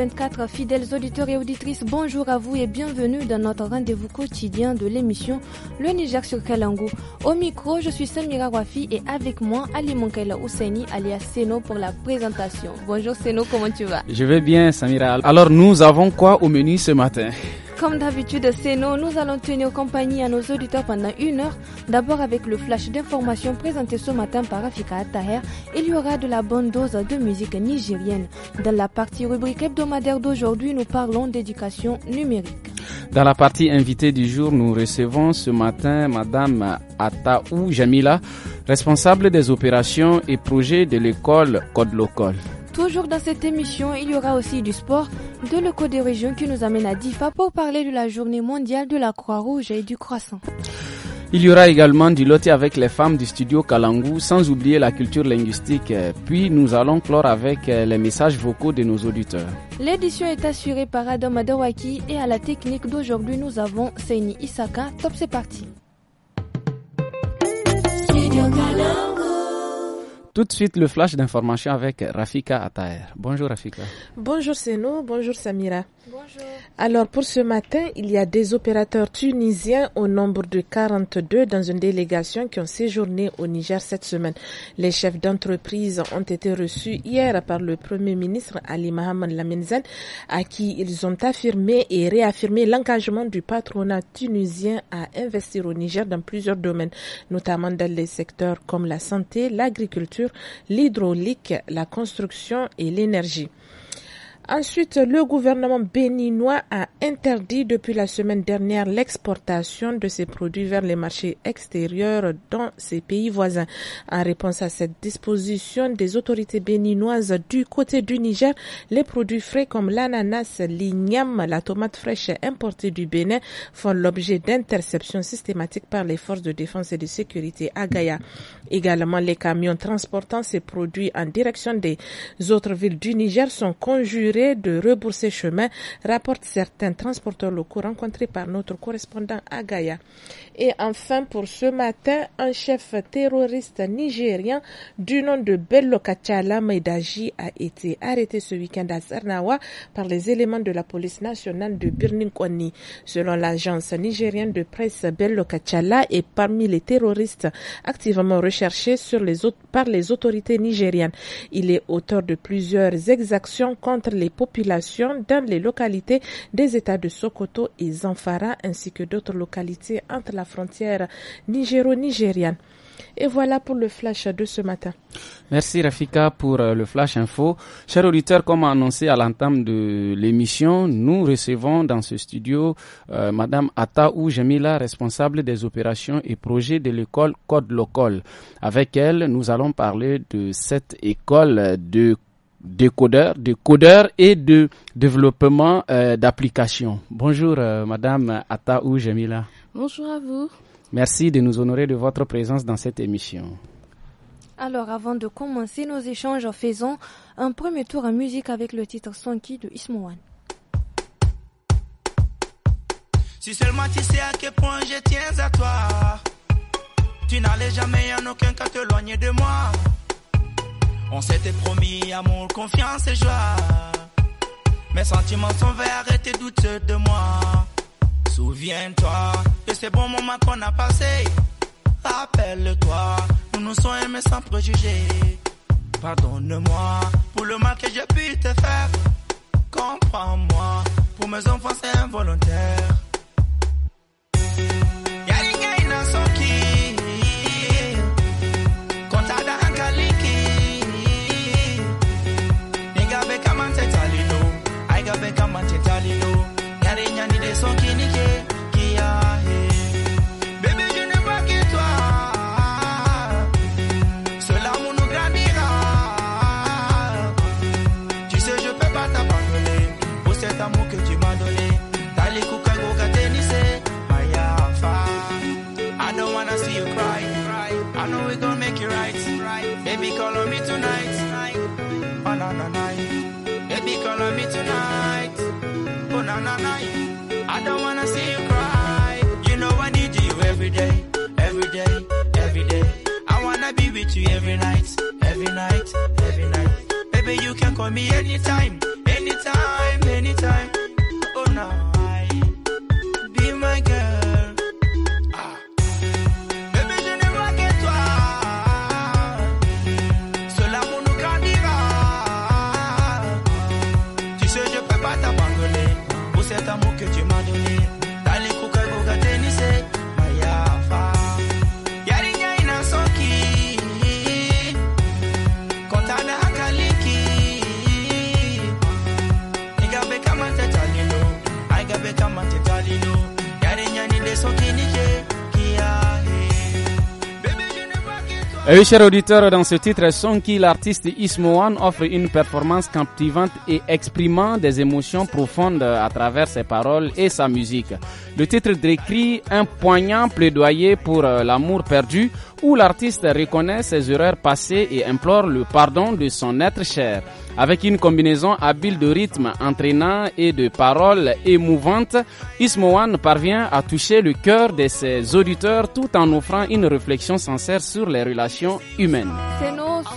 24 fidèles auditeurs et auditrices, bonjour à vous et bienvenue dans notre rendez-vous quotidien de l'émission Le Niger sur Kalango. Au micro, je suis Samira Wafi et avec moi Ali Monkela Ousseini alias Seno pour la présentation. Bonjour Seno, comment tu vas Je vais bien Samira. Alors nous avons quoi au menu ce matin comme d'habitude, c'est nous. Nous allons tenir compagnie à nos auditeurs pendant une heure. D'abord avec le flash d'informations présenté ce matin par Afika Attaher. Il y aura de la bonne dose de musique nigérienne. Dans la partie rubrique hebdomadaire d'aujourd'hui, nous parlons d'éducation numérique. Dans la partie invitée du jour, nous recevons ce matin Madame Ataou Jamila, responsable des opérations et projets de l'école Code Local. Toujours dans cette émission, il y aura aussi du sport, de l'Eco des régions qui nous amène à Difa pour parler de la journée mondiale de la Croix-Rouge et du croissant. Il y aura également du loté avec les femmes du studio Kalangu, sans oublier la culture linguistique. Puis nous allons clore avec euh, les messages vocaux de nos auditeurs. L'édition est assurée par Adam Adawaki et à la technique d'aujourd'hui nous avons Seini Isaka. Top, c'est parti. Studio tout de suite, le flash d'information avec Rafika Ataer. Bonjour Rafika. Bonjour Seno, bonjour Samira. Bonjour. Alors pour ce matin, il y a des opérateurs tunisiens au nombre de 42 dans une délégation qui ont séjourné au Niger cette semaine. Les chefs d'entreprise ont été reçus hier par le Premier ministre Ali Mohamed Lamenzen à qui ils ont affirmé et réaffirmé l'engagement du patronat tunisien à investir au Niger dans plusieurs domaines, notamment dans les secteurs comme la santé, l'agriculture, l'hydraulique, la construction et l'énergie. Ensuite, le gouvernement béninois a interdit depuis la semaine dernière l'exportation de ces produits vers les marchés extérieurs dans ses pays voisins. En réponse à cette disposition des autorités béninoises du côté du Niger, les produits frais comme l'ananas, l'igname, la tomate fraîche importée du Bénin font l'objet d'interceptions systématiques par les forces de défense et de sécurité à Gaïa. Également, les camions transportant ces produits en direction des autres villes du Niger sont conjurés de rebourser chemin, rapportent certains transporteurs locaux rencontrés par notre correspondant à Gaïa. Et enfin, pour ce matin, un chef terroriste nigérien du nom de Bello Kachala Maidaji a été arrêté ce week-end à Sarnawa par les éléments de la police nationale de Birnikwani. Selon l'agence nigérienne de presse, Bello Kachala est parmi les terroristes activement recherchés sur les par les autorités nigériennes. Il est auteur de plusieurs exactions contre les population populations dans les localités des États de Sokoto et Zamfara ainsi que d'autres localités entre la frontière nigéro-nigériane. Et voilà pour le flash de ce matin. Merci Rafika pour euh, le flash info. Chers auditeurs, comme annoncé à l'entame de l'émission, nous recevons dans ce studio euh, Madame Ataou Jemila, responsable des opérations et projets de l'école Code Local. Avec elle, nous allons parler de cette école de décodeur, de et de développement euh, d'applications. Bonjour euh, Madame Ataou Jamila. Bonjour à vous. Merci de nous honorer de votre présence dans cette émission. Alors avant de commencer nos échanges, faisons un premier tour en musique avec le titre Sonki de Ismouane. Si seulement tu sais à quel point je tiens à toi, tu n'allais jamais en aucun cas loigner de moi. On s'était promis amour, confiance et joie. Mes sentiments sont verts et t'es doutes de moi. Souviens-toi de ces bons moments qu'on a passés. Rappelle-toi, nous nous sommes aimés sans préjugés. Pardonne-moi pour le mal que j'ai pu te faire. Comprends-moi, pour mes enfants c'est involontaire. every night, every night, every night. Baby, you can call me anytime, anytime, anytime. Oh, no. Eh chers auditeurs, dans ce titre, Sonki, l'artiste Ismoan offre une performance captivante et exprimant des émotions profondes à travers ses paroles et sa musique. Le titre décrit un poignant plaidoyer pour euh, l'amour perdu, où l'artiste reconnaît ses erreurs passées et implore le pardon de son être cher. Avec une combinaison habile de rythme entraînant et de paroles émouvantes, Ismohan parvient à toucher le cœur de ses auditeurs tout en offrant une réflexion sincère sur les relations humaines.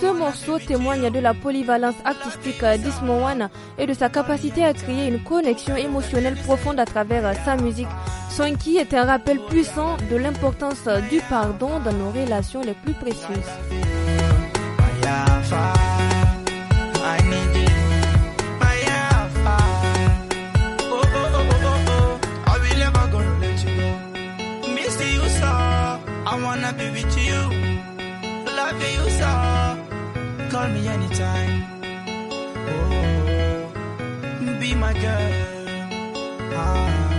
ce morceau témoigne de la polyvalence artistique d'Ismohan et de sa capacité à créer une connexion émotionnelle profonde à travers sa musique. Sonki est un rappel puissant de l'importance du pardon dans nos relations les plus précieuses. I wanna be with you, love you so. Call me anytime. Oh, be my girl. Ah.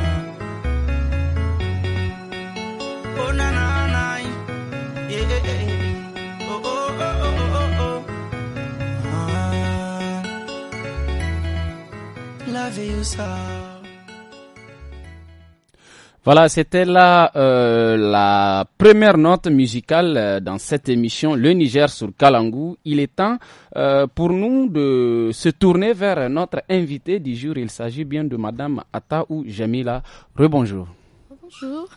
Voilà, c'était là euh, la première note musicale euh, dans cette émission Le Niger sur Kalangou. Il est temps euh, pour nous de se tourner vers notre invité du jour. Il s'agit bien de Madame Ataou Jamila. Rebonjour. Bonjour.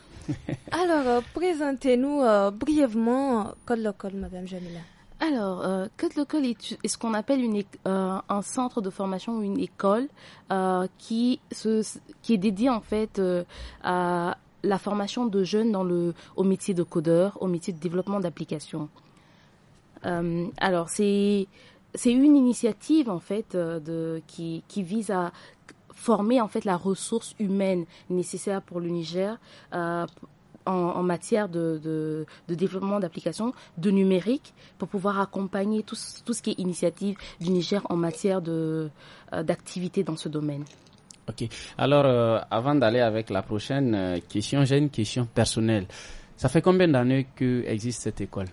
Alors, présentez-nous brièvement Code Local, Madame Jamila. Alors, euh, Local est, ce qu'on appelle une, euh, un centre de formation ou une école euh, qui, se, qui est dédié en fait euh, à la formation de jeunes dans le, au métier de codeur, au métier de développement d'applications. alors, c'est c'est une initiative en fait de, qui, qui vise à former en fait la ressource humaine nécessaire pour le Niger euh, en, matière de, développement d'applications, de numérique, pour pouvoir accompagner tout, ce qui est initiative du Niger en matière de euh, d'activité dans ce domaine. Ok. Alors, euh, avant d'aller avec la prochaine euh, question, j'ai une question personnelle. Ça fait combien d'années que existe cette école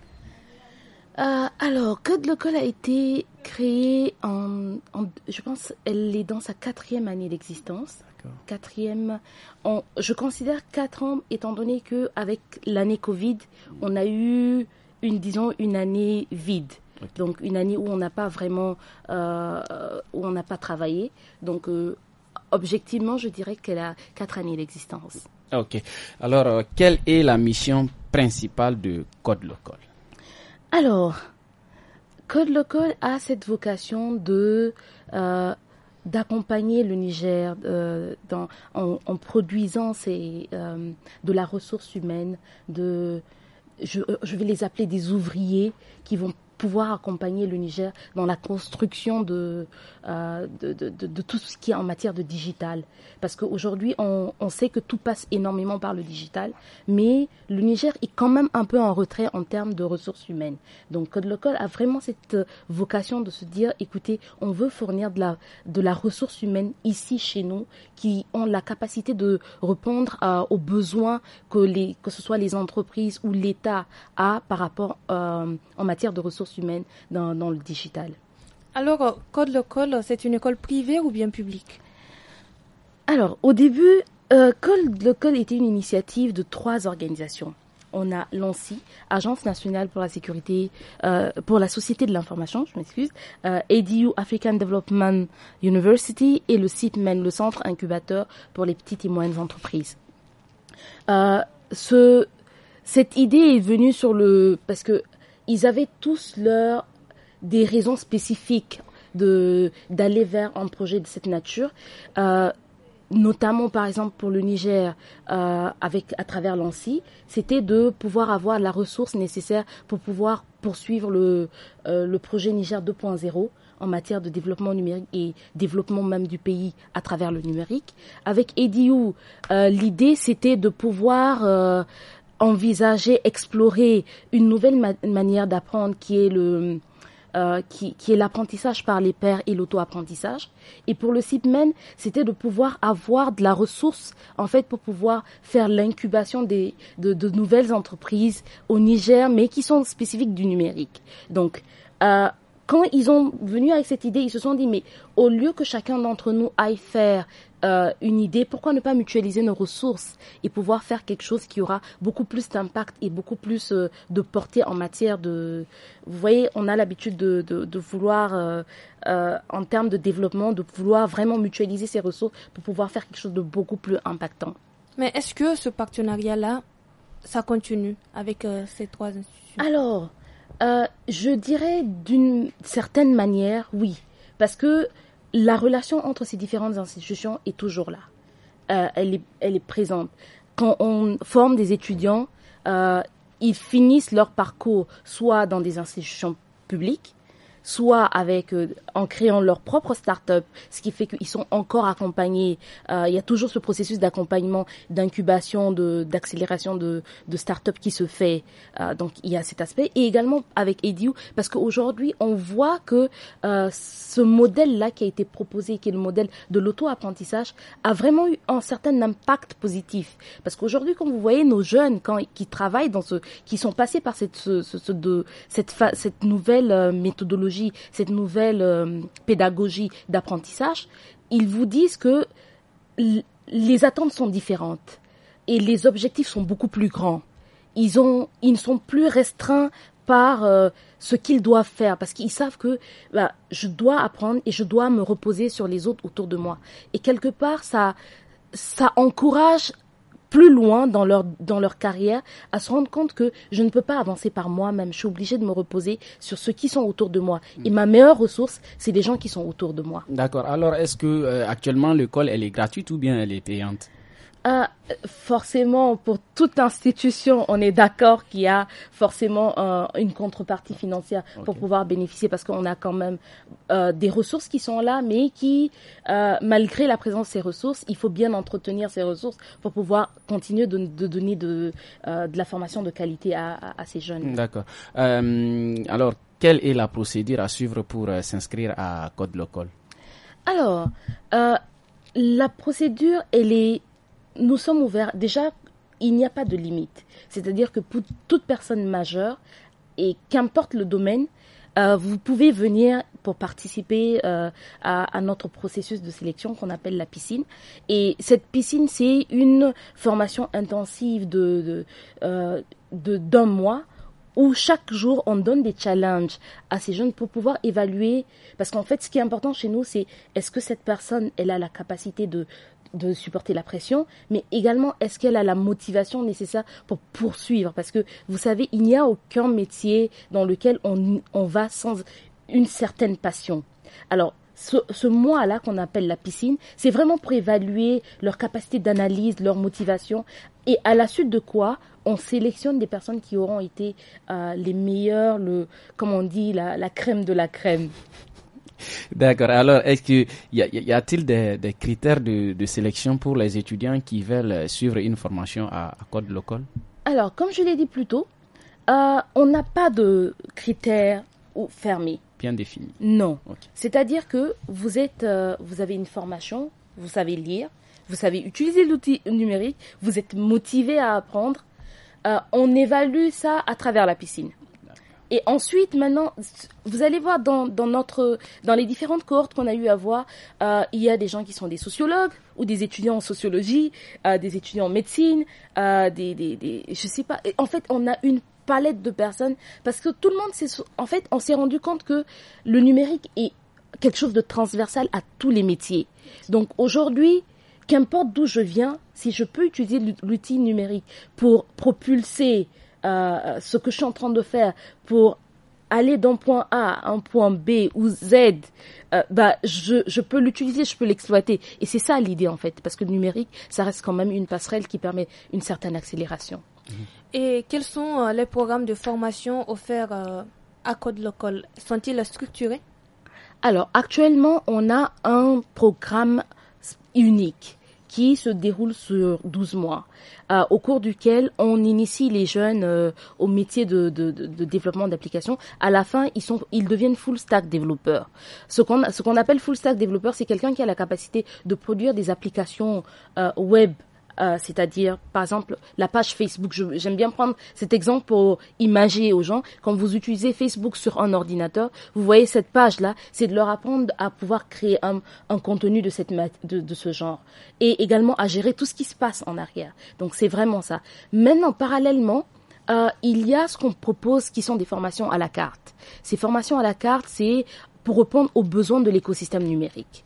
alors, Code l'école a été créée en, je pense, elle est dans sa quatrième année d'existence. Quatrième, je considère quatre ans étant donné que avec l'année Covid, on a eu une disons une année vide. Donc une année où on n'a pas vraiment euh, où on n'a pas travaillé. Donc euh, objectivement, je dirais qu'elle a quatre années d'existence. Ah, ok. Alors euh, quelle est la mission principale de Code Local Alors Code Local a cette vocation de d'accompagner le Niger euh, en, produisant euh, de la ressource humaine, euh, je, vais les appeler des ouvriers qui vont pouvoir accompagner le Niger dans la construction euh, de, de, tout ce qui est en matière de digital. Parce qu'aujourd'hui, on, on sait que tout passe énormément par le digital, mais le Niger est quand même un peu en retrait en termes de ressources humaines. Donc Code Local a vraiment cette euh, vocation de se dire, écoutez, on veut fournir de la, de la ressource humaine ici chez nous qui ont la capacité de répondre euh, aux besoins que, les, que ce soit les entreprises ou l'État a par rapport en matière de ressources humaine humaines dans, le digital. Alors, euh, Code Local, euh, c'est une école privée ou bien publique Alors, au début, euh, Code Local était une initiative de trois organisations on a l'ANSI, Agence nationale pour la sécurité, pour la société de l'information, je m'excuse, ADU African Development University et le CITMEN, le centre incubateur pour les petites et moyennes entreprises. ce, cette idée est venue sur le parce que ils avaient tous leur, des raisons spécifiques de d'aller vers un projet de cette nature. Euh, notamment par exemple pour le Niger euh, avec à travers l'ANSI, c'était de pouvoir avoir la ressource nécessaire pour pouvoir poursuivre le, euh, le projet Niger 2.0 en matière de développement numérique et développement même du pays à travers le numérique. Avec EDIU, euh, l'idée c'était de pouvoir euh, envisager, explorer une nouvelle manière d'apprendre qui est le euh, qui, est l'apprentissage par les pairs et l'auto-apprentissage. Et pour le CIPMEN, c'était de pouvoir avoir de la ressource, en fait, pour pouvoir faire l'incubation de, de nouvelles entreprises au Niger, mais qui sont spécifiques du numérique. Donc, euh, quand ils ont venu avec cette idée, ils se sont dit, mais au lieu que chacun d'entre nous aille faire euh, une idée, pourquoi ne pas mutualiser nos ressources et pouvoir faire quelque chose qui aura beaucoup plus d'impact et beaucoup plus euh, de portée en matière de... Vous voyez, on a l'habitude de, de, vouloir, euh, en termes de développement, de vouloir vraiment mutualiser ces ressources pour pouvoir faire quelque chose de beaucoup plus impactant. Mais est-ce que ce partenariat-là, ça continue avec ces trois institutions Alors, je dirais d'une certaine manière, oui. Parce que la relation entre ces différentes institutions est toujours là. Euh, elle, est, présente. Quand on forme des étudiants, euh, ils finissent leur parcours soit dans des institutions publiques, soit avec euh, en créant leur propre start-up, ce qui fait qu'ils sont encore accompagnés. Euh, il y a toujours ce processus d'accompagnement, d'incubation, de d'accélération de, de start-up qui se fait. Euh, donc il y a cet aspect et également avec Edu parce qu'aujourd'hui on voit que ce modèle-là qui a été proposé, qui est le modèle de l'auto-apprentissage, a vraiment eu un certain impact positif parce qu'aujourd'hui quand vous voyez nos jeunes quand qui travaillent dans ce qui sont passés par cette ce, ce, de cette cette nouvelle méthodologie cette nouvelle euh, pédagogie d'apprentissage, ils vous disent que les attentes sont différentes et les objectifs sont beaucoup plus grands. Ils, ont, ils ne sont plus restreints par euh, ce qu'ils doivent faire parce qu'ils savent que bah, je dois apprendre et je dois me reposer sur les autres autour de moi. Et quelque part, ça, ça encourage plus loin dans leur, carrière à se rendre compte que je ne peux pas avancer par moi-même. Je suis obligé de me reposer sur ceux qui sont autour de moi. Et ma meilleure ressource, c'est les gens qui sont autour de moi. D'accord. Alors, est-ce que euh, l'école, elle est gratuite ou bien elle est payante forcément, pour toute institution, on est d'accord qu'il y a forcément une contrepartie financière pour pouvoir bénéficier, parce qu'on a quand même euh, des ressources qui sont là, mais qui, euh, malgré la présence de ces ressources, il faut bien entretenir ces ressources pour pouvoir continuer de, donner de, euh, de, la formation de qualité à, à ces jeunes. D'accord. alors, quelle est la procédure à suivre pour s'inscrire à Code Local Alors, la procédure, elle est nous sommes ouverts. Déjà, il n'y a pas de limite. C'est-à-dire que pour toute personne majeure, et qu'importe le domaine, euh, vous pouvez venir pour participer euh, à, notre processus de sélection qu'on appelle la piscine. Et cette piscine, c'est une formation intensive euh, de d'un mois où chaque jour on donne des challenges à ces jeunes pour pouvoir évaluer. Parce qu'en fait, ce qui est important chez nous, c'est est-ce que cette personne, elle a la capacité de de supporter la pression, mais également est-ce qu'elle a la motivation nécessaire pour poursuivre Parce que vous savez, il n'y a aucun métier dans lequel on, on va sans une certaine passion. Alors, ce, mois-là qu'on appelle la piscine, c'est vraiment pour évaluer leur capacité d'analyse, leur motivation, et à la suite de quoi on sélectionne des personnes qui auront été euh, les meilleures, le, comme on dit, la, la crème de la crème. D'accord. Alors, est-ce qu'il y, a-t-il des, critères de, sélection pour les étudiants qui veulent euh, suivre une formation à, Code Local Alors, comme je l'ai dit plus tôt, euh, on n'a pas de critères fermés. Bien définis. Non. C'est-à-dire que vous êtes, euh, vous avez une formation, vous savez lire, vous savez utiliser l'outil numérique, vous êtes motivé à apprendre. on évalue ça à travers la piscine. Et ensuite, maintenant, vous allez voir dans, dans notre, dans les différentes cohortes qu'on a eu à voir, euh, il y a des gens qui sont des sociologues ou des étudiants en sociologie, euh, des étudiants en médecine, euh, des, des, des, je sais pas. en fait, on a une palette de personnes parce que tout le monde s'est, en fait, on s'est rendu compte que le numérique est quelque chose de transversal à tous les métiers. Donc aujourd'hui, qu'importe d'où je viens, si je peux utiliser l'outil numérique pour propulser euh, euh, ce que je suis en train de faire pour aller d'un point A à un point B ou Z, euh, bah je, je peux l'utiliser, je peux l'exploiter. Et c'est ça l'idée en fait, parce que le numérique, ça reste quand même une passerelle qui permet une certaine accélération. Mhm. Et quels sont les programmes de formation offerts à Code Local Sont-ils structurés Alors actuellement, on a un programme unique qui se déroule sur 12 mois, euh, au cours duquel on initie les jeunes euh, au métier de, développement d'applications. À la fin, ils, sont, ils deviennent full stack développeurs. Ce qu'on appelle full stack développeur, c'est quelqu'un qui a la capacité de produire des applications euh, web euh, c'est-à-dire par exemple la page Facebook. J'aime bien prendre cet exemple pour imaginer aux gens. Quand vous utilisez Facebook sur un ordinateur, vous voyez cette page-là, c'est de leur apprendre à pouvoir créer un, contenu de, ce genre et également à gérer tout ce qui se passe en arrière. Donc c'est vraiment ça. Maintenant, parallèlement, euh, il y a ce qu'on propose qui sont des formations à la carte. Ces formations à la carte, c'est pour répondre aux besoins de l'écosystème numérique.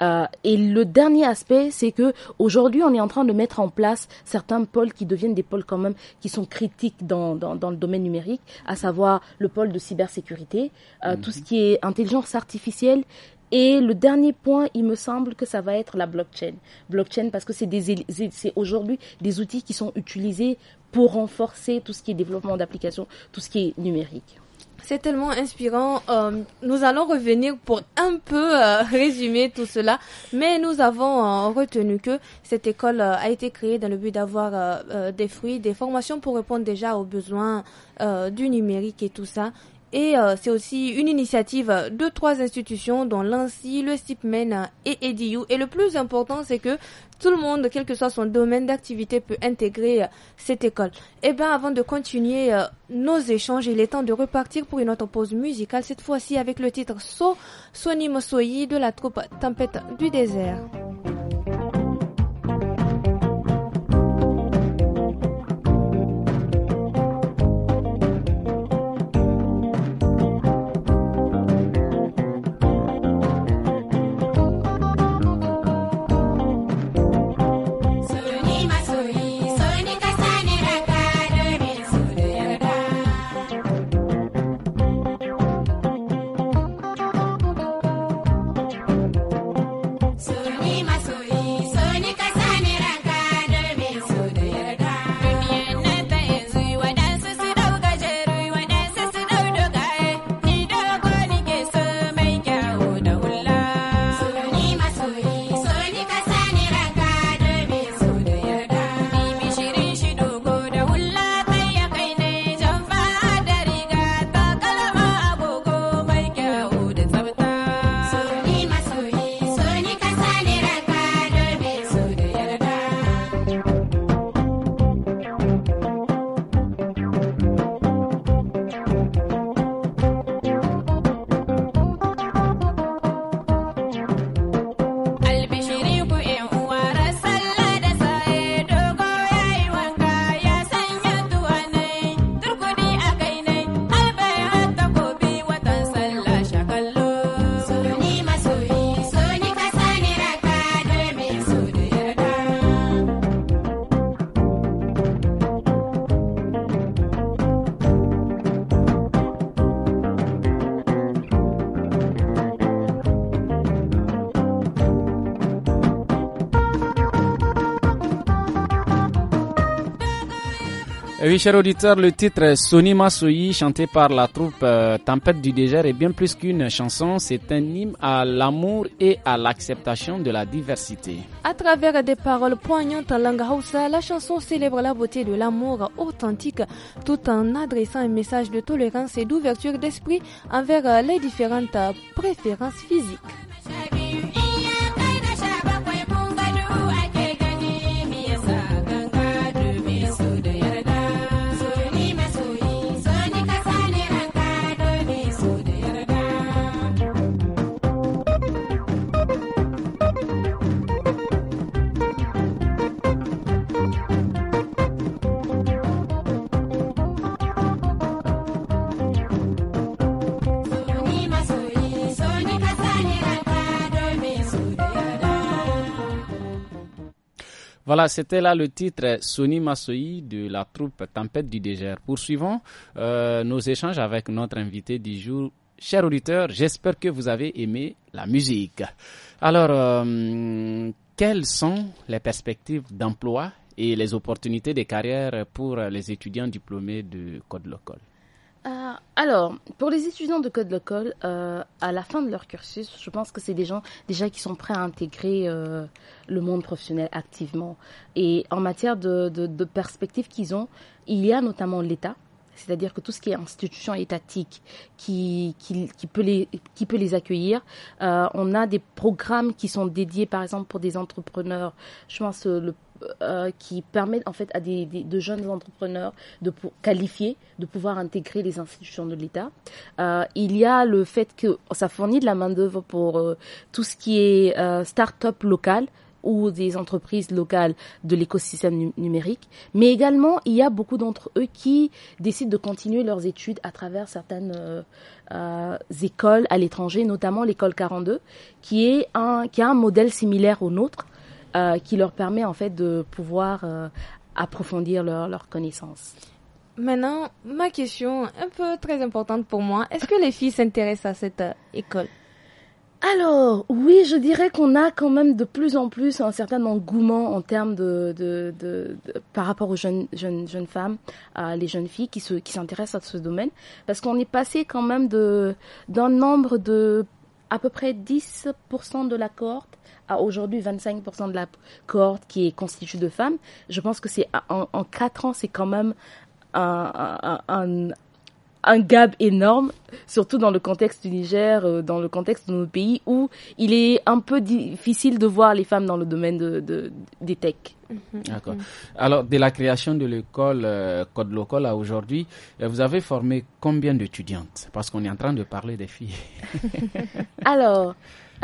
Euh, et le dernier aspect, c'est que aujourd'hui, on est en train de mettre en place certains pôles qui deviennent des pôles quand même qui sont critiques dans, dans, le domaine numérique, à savoir le pôle de cybersécurité, euh, mhm. tout ce qui est intelligence artificielle et le dernier point, il me semble que ça va être la blockchain. Blockchain parce que c'est c'est aujourd'hui des outils qui sont utilisés pour renforcer tout ce qui est développement d'applications, tout ce qui est numérique. C'est tellement inspirant. Euh, nous allons revenir pour un peu euh, résumer tout cela, mais nous avons euh, retenu que cette école a été créée dans le but d'avoir des fruits, des formations pour répondre déjà aux besoins du numérique et tout ça. Et euh, c'est aussi une initiative de trois institutions dont l'ANSI, le SIPMEN et EDIU. Et le plus important, c'est que tout le monde, quel que soit son domaine d'activité, peut intégrer euh, cette école. Eh bien, avant de continuer euh, nos échanges, il est temps de repartir pour une autre pause musicale, cette fois-ci avec le titre So, Sonimo Mosoyi de la troupe Tempête du désert. Oui, cher auditeur, le titre Sony Masoyi, chanté par la troupe euh, Tempête du Désert, est bien plus qu'une chanson. C'est un hymne à l'amour et à l'acceptation de la diversité. À travers des paroles poignantes en langue Hausa, la chanson célèbre la beauté de l'amour authentique tout en adressant un message de tolérance et d'ouverture d'esprit envers les différentes préférences physiques. Voilà, c'était là le titre Sony Massoyi de la troupe Tempête du Dégère. Poursuivons euh, nos échanges avec notre invité du jour. Cher auditeur, j'espère que vous avez aimé la musique. Alors, euh, quelles sont les perspectives d'emploi et les opportunités de carrière pour les étudiants diplômés de Code Local euh, alors, pour les étudiants de code local, euh, à la fin de leur cursus, je pense que c'est des gens déjà qui sont prêts à intégrer euh, le monde professionnel activement. Et en matière de, perspectives qu'ils ont, il y a notamment l'État, c'est-à-dire que tout ce qui est institution étatique qui, qui, peut, les, qui peut les accueillir. on a des programmes qui sont dédiés, par exemple, pour des entrepreneurs. Je pense le euh, qui permettent en fait à des, de jeunes entrepreneurs de pour, qualifier de pouvoir intégrer les institutions de l'État. Euh, il y a le fait que ça fournit de la main d'œuvre pour euh, tout ce qui est euh, start-up local ou des entreprises locales de l'écosystème numérique, mais également il y a beaucoup d'entre eux qui décident de continuer leurs études à travers certaines écoles à l'étranger, notamment l'école 42, qui est un qui a un modèle similaire au nôtre, euh, qui leur permet en fait de pouvoir euh, approfondir leurs leur connaissances. Maintenant, ma question un peu très importante pour moi, est-ce que les filles s'intéressent à cette euh, école alors, oui, je dirais qu'on a quand même de plus en plus un certain engouement en termes de, de, de, par rapport aux jeunes, jeunes, jeunes femmes, les jeunes filles qui se, qui s'intéressent à ce domaine, parce qu'on est passé quand même de, d'un nombre de à peu près 10% de la cohorte à aujourd'hui 25% de la cohorte qui est constituée de femmes, je pense que c'est en, quatre 4 ans, c'est quand même un, un, gap énorme, surtout dans le contexte du Niger, euh, dans le contexte de nos pays où il est un peu difficile de voir les femmes dans le domaine de, des tech. Mhm. D'accord. Alors, dès la création de l'école euh, Code Local à aujourd'hui, euh, vous avez formé combien d'étudiantes Parce qu'on est en train de parler des filles. Alors,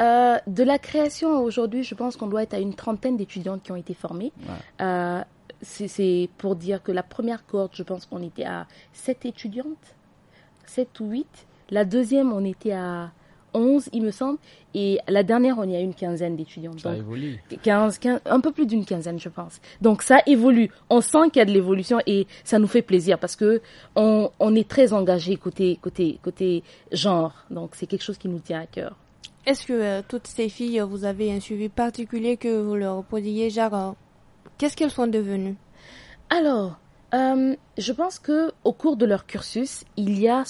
euh, de la création aujourd'hui, je pense qu'on doit être à une trentaine d'étudiantes qui ont été formées. Euh, c'est pour dire que la première cohorte, je pense qu'on était à sept étudiantes, sept ou huit. La deuxième, on était à onze, il me semble. Et la dernière, on y a une quinzaine d'étudiantes Ça évolue. un peu plus d'une quinzaine, je pense. Donc ça évolue. On sent qu'il y a de l'évolution et ça nous fait plaisir parce que on, on est très engagé côté, côté, côté genre. Donc c'est quelque chose qui nous tient à cœur. Est-ce que euh, toutes ces filles, euh, vous avez un suivi particulier que vous leur posiez, Genre, euh, qu'est-ce qu'elles sont devenues Alors, je pense que au cours de leur cursus, il y a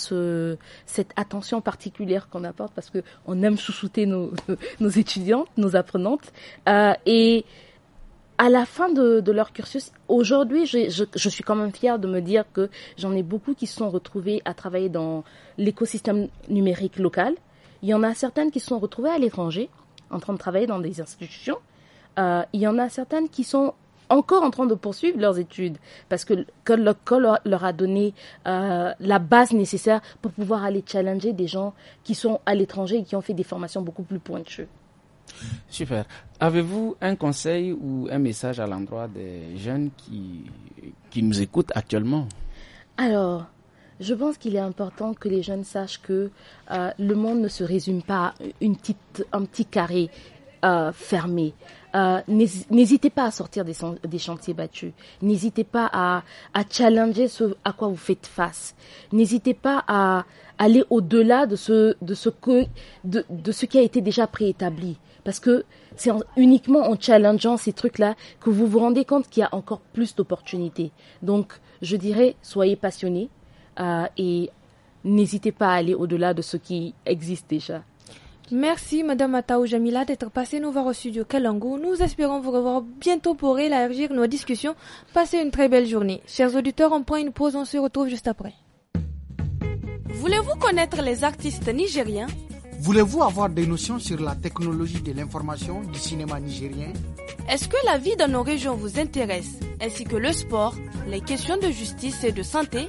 cette attention particulière qu'on apporte parce qu'on aime chouchouter nos, nos étudiantes, nos apprenantes, et à la fin de, leur cursus, aujourd'hui, je, suis quand même fière de me dire que j'en ai beaucoup qui se sont retrouvées à travailler dans l'écosystème numérique local, il y en a certaines qui se sont retrouvées à l'étranger, en train de travailler dans des institutions. Euh, il y en a certaines qui sont encore en train de poursuivre leurs études parce que le Col leur a donné euh, la base nécessaire pour pouvoir aller challenger des gens qui sont à l'étranger et qui ont fait des formations beaucoup plus pointues. Super. Avez-vous un conseil ou un message à l'endroit des jeunes qui, qui nous écoutent actuellement Alors, je pense qu'il est important que les jeunes sachent que euh, le monde ne se résume pas à une petite, un petit carré euh, fermé. Euh, n'hésitez pas à sortir des, des chantiers battus. N'hésitez pas à, à, challenger ce à quoi vous faites face. N'hésitez pas à aller au-delà de ce, de, ce de, de ce qui a été déjà préétabli. Parce que c'est uniquement en challengeant ces trucs-là que vous vous rendez compte qu'il y a encore plus d'opportunités. Donc, je dirais, soyez passionnés, euh, et n'hésitez pas à aller au-delà de ce qui existe déjà. Merci Madame Ataou Jamila d'être passée nous voir au studio Kalango. Nous espérons vous revoir bientôt pour élargir nos discussions. Passez une très belle journée. Chers auditeurs, on prend une pause, on se retrouve juste après. Voulez-vous connaître les artistes nigériens Voulez-vous avoir des notions sur la technologie de l'information du cinéma nigérien Est-ce que la vie dans nos régions vous intéresse, ainsi que le sport, les questions de justice et de santé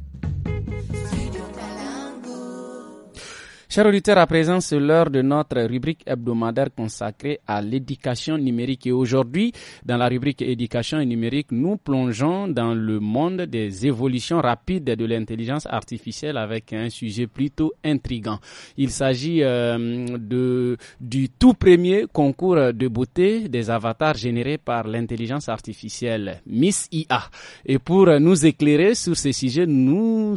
Chers auditeurs, à présent, c'est l'heure de notre rubrique hebdomadaire consacrée à l'éducation numérique. Et aujourd'hui, dans la rubrique éducation et numérique, nous plongeons dans le monde des évolutions rapides de l'intelligence artificielle avec un sujet plutôt intrigant. Il s'agit euh, de, du tout premier concours de beauté des avatars générés par l'intelligence artificielle, Miss IA. Et pour nous éclairer sur ce sujet, nous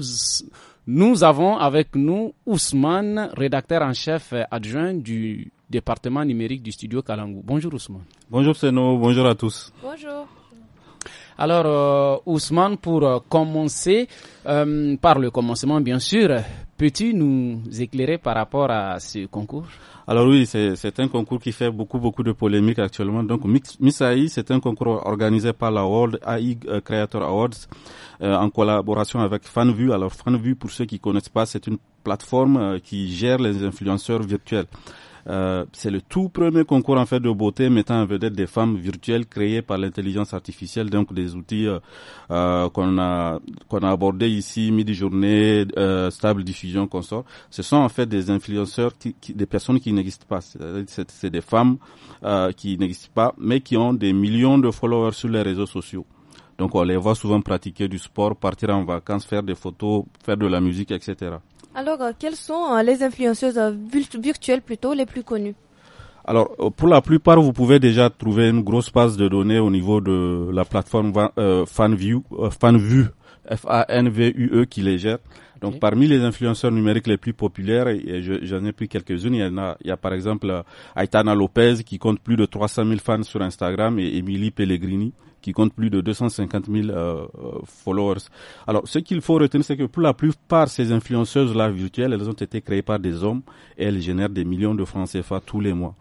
nous avons avec nous Ousmane, rédacteur en chef adjoint du département numérique du studio Kalangou. Bonjour Ousmane. Bonjour Seno, bonjour à tous. Bonjour. Alors euh, Ousmane, pour euh, commencer, euh, par le commencement bien sûr, Peux-tu nous éclairer par rapport à ce concours Alors oui, c'est un concours qui fait beaucoup beaucoup de polémiques actuellement. Donc Miss AI, c'est un concours organisé par la World AI euh, Creator Awards euh, en collaboration avec FanVue. Alors FanVue, pour ceux qui ne connaissent pas, c'est une plateforme euh, qui gère les influenceurs virtuels. Euh, c'est le tout premier concours en fait de beauté mettant en vedette des femmes virtuelles créées par l'intelligence artificielle, donc des outils euh, euh, qu'on a qu'on a abordé ici, midi-journée, stable diffusion, consort. Ce sont en fait des influenceurs, qui, des personnes qui n'existent pas. C'est des femmes qui n'existent pas, mais qui ont des millions de followers sur les réseaux sociaux. Donc on les voit souvent pratiquer du sport, partir en vacances, faire des photos, faire de la musique, etc. Alors, euh, quels sont euh, les influenceuses euh, virtuelles plutôt les plus connues alors, pour la plupart, vous pouvez déjà trouver une grosse base de données au niveau de la plateforme FanView, FanVue, F-A-N-V-U-E qui les gère. Donc, parmi les influenceurs numériques les plus populaires, et j'en ai pris quelques-unes, il y en a, il y a par exemple Aitana Lopez qui compte plus de 300 000 fans sur Instagram et Emily Pellegrini qui compte plus de 250 000 euh, euh, followers. Alors, ce qu'il faut retenir, c'est que pour la plupart ces influenceuses-là virtuelles, elles ont été créées par des hommes et elles génèrent des millions de francs CFA tous les mois.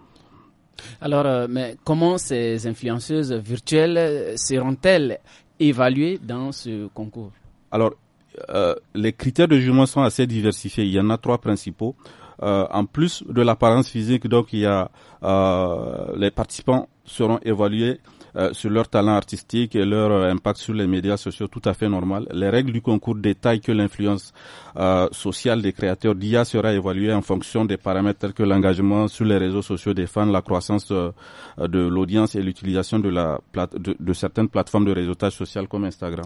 Alors, euh, mais comment ces influenceuses virtuelles seront-elles évaluées dans ce concours Alors, les critères de jugement sont assez diversifiés. Il y en a trois principaux. en plus de l'apparence physique, donc il y a les participants seront évalués euh, sur leur talent artistique et leur euh, impact sur les médias sociaux tout à fait normal. Les règles du concours détaillent que l'influence euh, sociale des créateurs d'IA sera évaluée en fonction des paramètres tels que l'engagement sur les réseaux sociaux des fans, la croissance de l'audience et l'utilisation de, la de, certaines plateformes de réseautage social comme Instagram.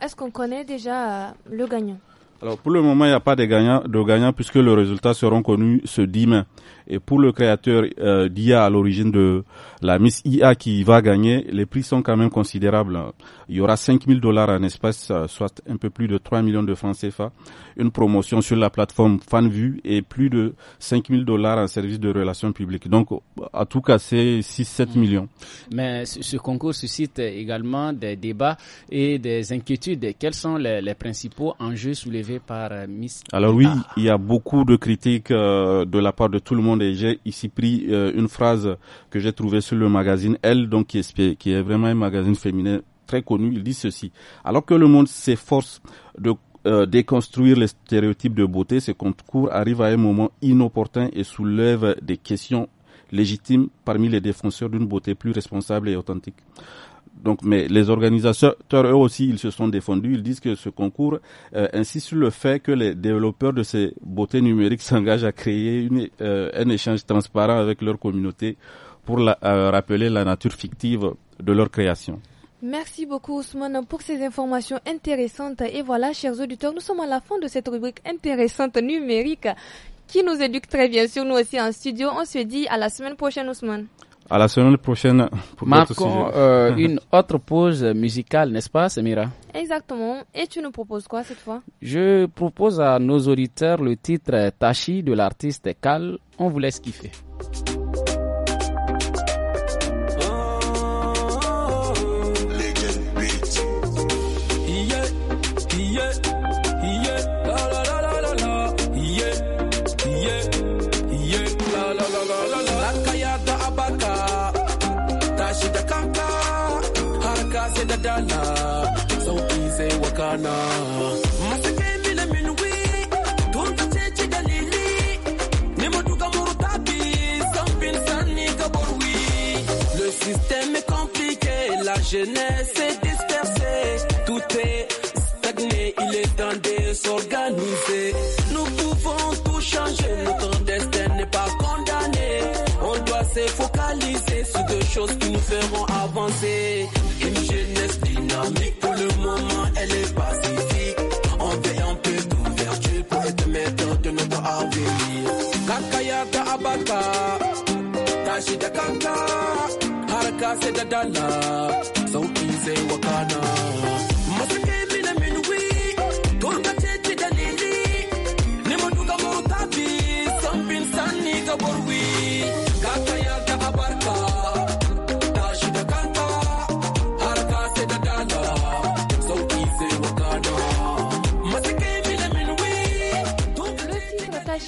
Est-ce qu'on connaît déjà le gagnant alors pour le moment, il n'y a pas de gagnant de gagnant puisque le résultat seront connus ce dimanche. Et pour le créateur euh, d'IA à l'origine de la Miss IA qui va gagner, les prix sont quand même considérables. Hein. Il y aura 5000 dollars en espèces, euh, soit un peu plus de 3 millions de francs CFA, une promotion sur la plateforme FanVue et plus de 5000 dollars en service de relations publiques. Donc, en tout cas c'est 6-7 mm. millions. Mais ce concours suscite également des débats et des inquiétudes. Quels sont les, principaux enjeux soulevés par euh, Miss Alors oui, il y a beaucoup de critiques de la part de tout le monde et j'ai ici pris euh, une phrase que j'ai trouvée sur le magazine Elle, donc qui est, vraiment un magazine féminin très connu. Il dit ceci. Alors que le monde s'efforce de euh, déconstruire les stéréotypes de beauté, ce concours arrive à un moment inopportun et soulève des questions légitimes parmi les défenseurs d'une beauté plus responsable et authentique. Donc, mais les organisateurs, eux aussi, ils se sont défendus. Ils disent que ce concours euh, insiste sur le fait que les développeurs de ces beautés numériques s'engagent à créer euh, un échange transparent avec leur communauté pour euh, rappeler la nature fictive de leur création. Merci beaucoup Ousmane pour ces informations intéressantes. Et voilà, chers auditeurs, nous sommes à la fin de cette rubrique intéressante numérique qui nous éduque très bien sur nous aussi en studio. On se dit à la semaine prochaine Ousmane. À la semaine prochaine pour Marquons euh, une autre pause musicale, n'est-ce pas, Samira Exactement. Et tu nous proposes quoi cette fois Je propose à nos auditeurs le titre Tachi de l'artiste Cal. On vous laisse kiffer. le système est compliqué la jeunesse est dispersée tout est stagné il est temps de s'organiser nous pouvons tout changer notre destin n'est pas condamné on doit se focaliser sur deux choses qui nous feront avancer mais Pour le moment, elle est pacifique. On veille un peu d'ouverture pour être maître de notre avenir. Kakayaka abaka, tashi da kanka, haraka se da dala, soukise wakana.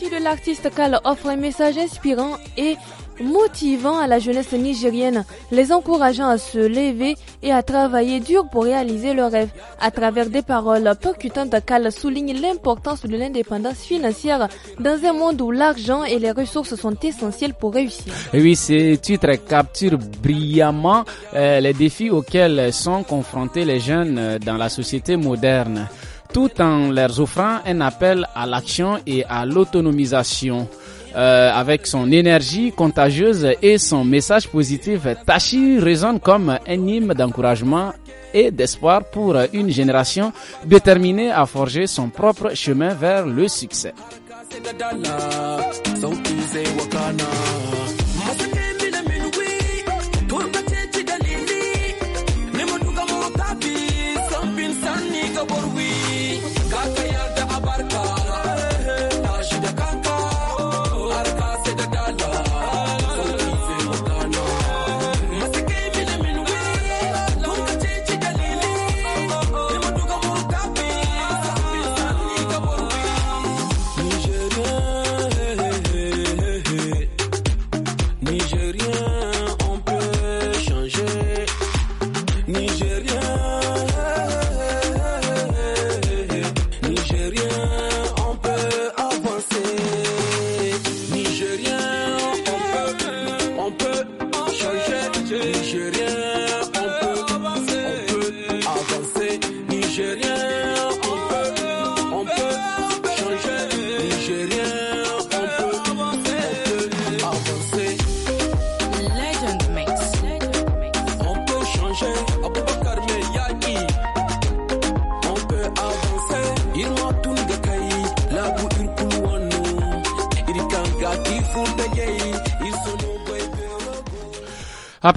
de l'artiste Kal offre un message inspirant et motivant à la jeunesse nigérienne, les encourageant à se lever et à travailler dur pour réaliser leurs rêves. À travers des paroles percutantes, Kal souligne l'importance de l'indépendance financière dans un monde où l'argent et les ressources sont essentiels pour réussir. oui, ces titres capturent brillamment euh, les défis auxquels sont confrontés les jeunes dans la société moderne tout en leur offrant un appel à l'action et à l'autonomisation. Euh, avec son énergie contagieuse et son message positif, Tachi résonne comme un hymne d'encouragement et d'espoir pour une génération déterminée à forger son propre chemin vers le succès.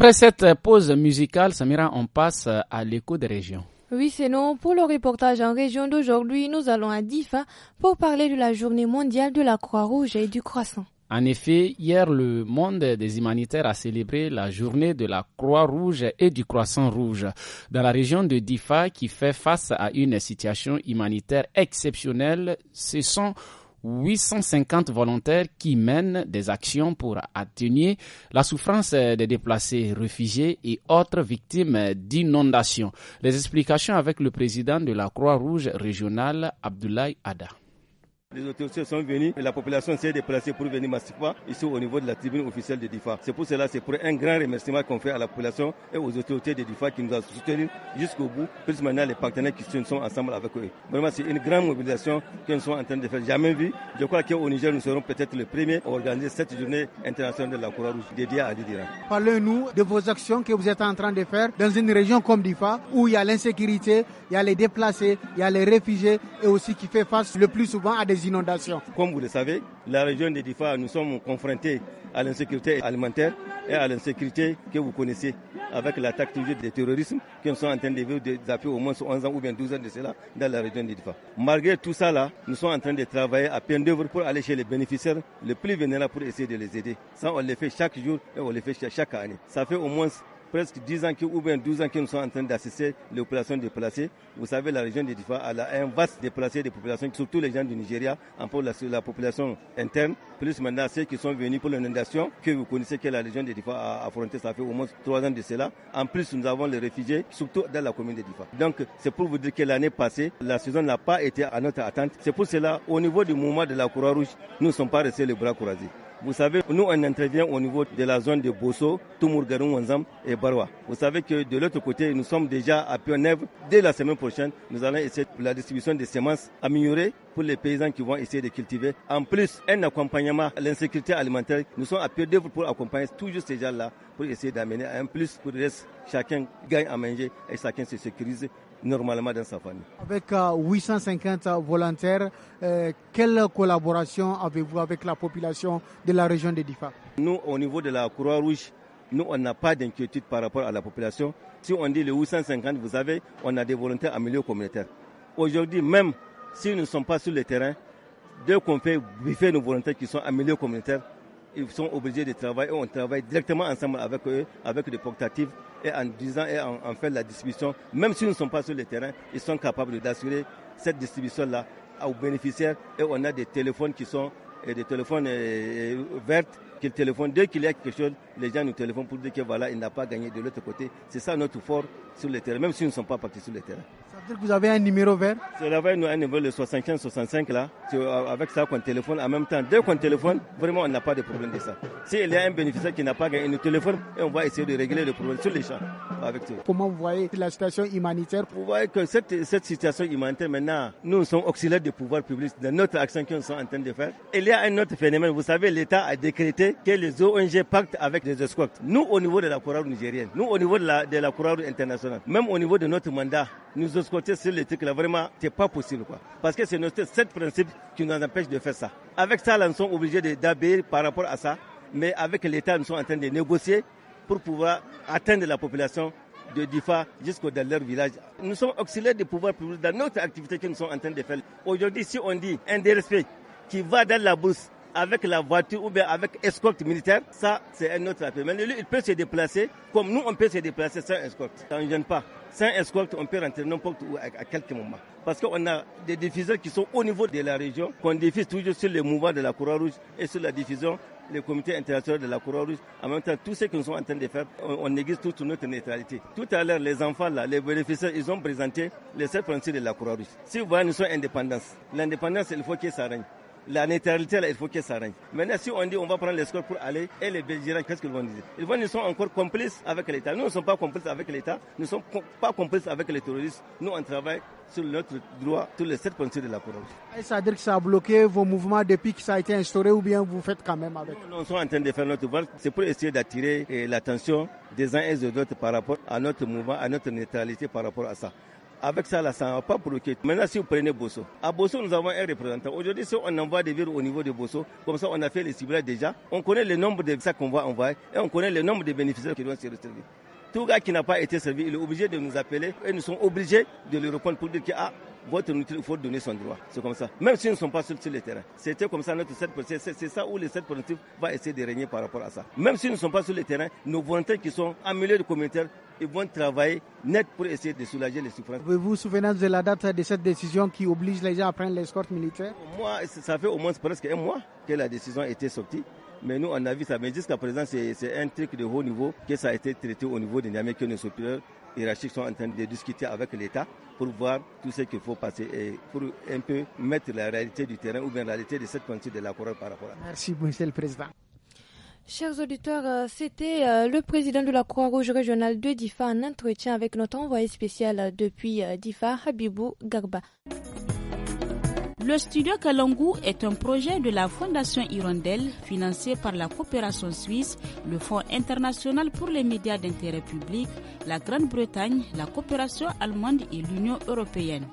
Après cette pause musicale, Samira, on passe à l'écho des régions. Oui, c'est nous. Pour le reportage en région d'aujourd'hui, nous allons à Difa pour parler de la journée mondiale de la Croix-Rouge et du croissant. En effet, hier, le monde des humanitaires a célébré la journée de la Croix-Rouge et du Croissant Rouge dans la région de Difa qui fait face à une situation humanitaire exceptionnelle. Ce sont 850 volontaires qui mènent des actions pour atténuer la souffrance des déplacés, réfugiés et autres victimes d'inondations. Les explications avec le président de la Croix-Rouge régionale, Abdoulaye Ada. Les autorités sont venues et la population s'est déplacée pour venir massivement ici au niveau de la tribune officielle de DIFA. C'est pour cela, c'est pour un grand remerciement qu'on fait à la population et aux autorités de DIFA qui nous ont soutenus jusqu'au bout, plus maintenant les partenaires qui sont ensemble avec eux. Vraiment, c'est une grande mobilisation que nous sommes en train de faire. Jamais vu. Je crois qu'au Niger, nous serons peut-être les premiers à organiser cette journée internationale de la Croix-Rouge dédiée à l'Iran. Parlez-nous de vos actions que vous êtes en train de faire dans une région comme DIFA où il y a l'insécurité, il y a les déplacés, il y a les réfugiés et aussi qui fait face le plus souvent à des comme vous le savez, la région de Difa, nous sommes confrontés à l'insécurité alimentaire et à l'insécurité que vous connaissez avec l'attaque tactique des terrorisme qui sont en train de vivre depuis au moins 11 ans ou bien 12 ans de cela dans la région de Difa. Malgré tout ça là, nous sommes en train de travailler à plein d'œuvre pour aller chez les bénéficiaires les plus vulnérables pour essayer de les aider. Ça, on le fait chaque jour et on le fait chaque année. Ça fait au moins presque 10 ans ou bien 12 ans que nous sommes en train d'assister les populations déplacées. Vous savez, la région de Difa a un vaste déplacé de population, surtout les gens du Nigeria, en pour la, population interne, plus maintenant ceux qui sont venus pour l'inondation, que vous connaissez que la région de Difa a affronté, ça fait au moins 3 ans de cela. En plus, nous avons les réfugiés, surtout dans la commune de Difa. Donc, c'est pour vous dire que l'année passée, la saison n'a pas été à notre attente. C'est pour cela, au niveau du mouvement de la Croix-Rouge, nous ne sommes pas restés les bras croisés. Vous savez, nous, on intervient au niveau de la zone de Bosso, Tumurgarun, Wanzam et Barwa. Vous savez que de l'autre côté, nous sommes déjà à Pionneve. Dès la semaine prochaine, nous allons essayer de la distribution des semences améliorées pour les paysans qui vont essayer de cultiver. En plus, un accompagnement à l'insécurité alimentaire. Nous sommes à Pionèvre pour accompagner toujours ces gens-là pour essayer d'amener un plus pour le reste. Chacun gagne à manger et chacun se sécurise normalement dans sa famille. Avec 850 euh, volontaires, euh, quelle collaboration avez-vous avec la population de la région de Difa Nous, au niveau de la Croix-Rouge, nous, on n'a pas d'inquiétude par rapport à la population. Si on dit les 850, vous savez, on a des volontaires en milieu communautaire. Aujourd'hui, même s'ils ne sont pas sur le terrain, dès qu'on fait nos volontaires qui sont en milieu communautaire, ils sont obligés de travailler et on travaille directement ensemble avec eux, avec des portatives et en disant et en, fait la distribution, même s'ils ne sont pas sur le terrain, ils sont capables d'assurer cette distribution-là aux bénéficiaires. Et on a des téléphones qui sont et des téléphones verts qu'ils téléphonent. Dès qu'il y a quelque chose, les gens nous téléphonent pour dire que voilà, il n'a pas gagné de l'autre côté. C'est ça notre fort sur le terrain, même si nous ne sommes pas partis sur le terrain vous avez un numéro vert Cela va nous un numéro de 75-65 là. Euh, avec ça qu'on téléphone en même temps. Dès qu'on téléphone, vraiment on n'a pas de problème de ça. S'il y a un bénéficiaire qui n'a pas gagné le téléphone, on va essayer de régler le problème sur les champs avec Comment vous voyez la situation humanitaire Vous voyez que cette, cette situation humanitaire, maintenant, nous sommes auxiliaires du pouvoir public dans notre action que nous en train de faire. Il y a un autre phénomène. Vous savez, l'État a décrété que les ONG pactent avec les escortes. Nous, au niveau de la couronne nigérienne, nous, au niveau de la, de la internationale, même au niveau de notre mandat, nous escorter sur les trucs là, vraiment, c'est pas possible, quoi. Parce que c'est notre sept principe qui nous empêche de faire ça. Avec ça, là, nous sommes obligés d'abéir par rapport à ça. Mais avec l'État, nous sommes en train de négocier pour pouvoir atteindre la population de Difa jusqu'au leur village. Nous sommes auxiliaires des pouvoirs publics dans notre activité que nous sommes en train de faire. Aujourd'hui, si on dit un dérespect qui va dans la bourse avec la voiture ou bien avec escorte militaire, ça c'est un autre appel. Mais lui, il peut se déplacer comme nous, on peut se déplacer sans escorte. Ça ne gêne pas. Sans escorte, on peut rentrer n'importe où à, à quelques moments. Parce qu'on a des diffuseurs qui sont au niveau de la région, qu'on diffuse toujours sur le mouvement de la Croix-Rouge et sur la diffusion le comité international de la Croix-Rouge, en même temps, tout ce que nous sommes en train de faire, on, on néglige toute notre neutralité. Tout à l'heure, les enfants, là, les bénéficiaires, ils ont présenté les sept principes de la Croix-Rouge. Si vous voyez, nous sommes indépendants. L'indépendance, il faut que ça la neutralité, là, il faut qu'elle s'arrange. Maintenant, si on dit on va prendre les pour aller, et les Belgiens, qu'est-ce qu'ils vont dire Ils vont, qu'ils sont encore complices avec l'État. Nous ne sommes pas complices avec l'État, nous ne sommes pas complices avec les terroristes. Nous, on travaille sur notre droit, sur les sept points de la couronne. Ça veut dire que ça a bloqué vos mouvements depuis que ça a été instauré ou bien vous faites quand même avec Nous, nous sommes en train de faire notre vote. C'est pour essayer d'attirer eh, l'attention des uns et des autres par rapport à notre mouvement, à notre neutralité par rapport à ça. Avec ça, là, ça n'a pas pour bloqué. Maintenant, si vous prenez Bosso, à Bosso, nous avons un représentant. Aujourd'hui, si on envoie des virus au niveau de Bosso, comme ça, on a fait les ciblages déjà, on connaît le nombre de sacs qu'on va envoyer et on connaît le nombre de bénéficiaires qui doivent se retrouver. Tout gars qui n'a pas été servi, il est obligé de nous appeler et nous sommes obligés de le répondre pour dire que, a... Ah, votre il faut donner son droit. C'est comme ça. Même si nous ne sommes pas sur, le terrain. C'était comme ça notre 7 C'est ça où les 7 va vont essayer de régner par rapport à ça. Même si nous ne sommes pas sur le terrain, nos volontaires qui sont en milieu de communautaire, ils vont travailler net pour essayer de soulager les souffrances. Vous vous souvenez de la date de cette décision qui oblige les gens à prendre l'escorte militaire Moi, ça fait au moins presque un mois que la décision a été sortie. Mais nous, on a vu ça. Mais jusqu'à présent, c'est un truc de haut niveau que ça a été traité au niveau des Niamey supérieurs hiérarchiques sont en train de discuter avec l'État pour voir tout ce qu'il faut passer et pour un peu mettre la réalité du terrain ou bien la réalité de cette quantité de la croix par rapport à Merci, Monsieur le Président. Chers auditeurs, euh, c'était euh, le président de la Croix-Rouge régionale de DIFA en entretien avec notre envoyé spécial euh, depuis DIFA, Habibou Garba. Le studio Kalangu est un projet de la Fondation Hirondelle financé par la coopération suisse, le Fonds international pour les médias d'intérêt public, la Grande-Bretagne, la coopération allemande et l'Union européenne.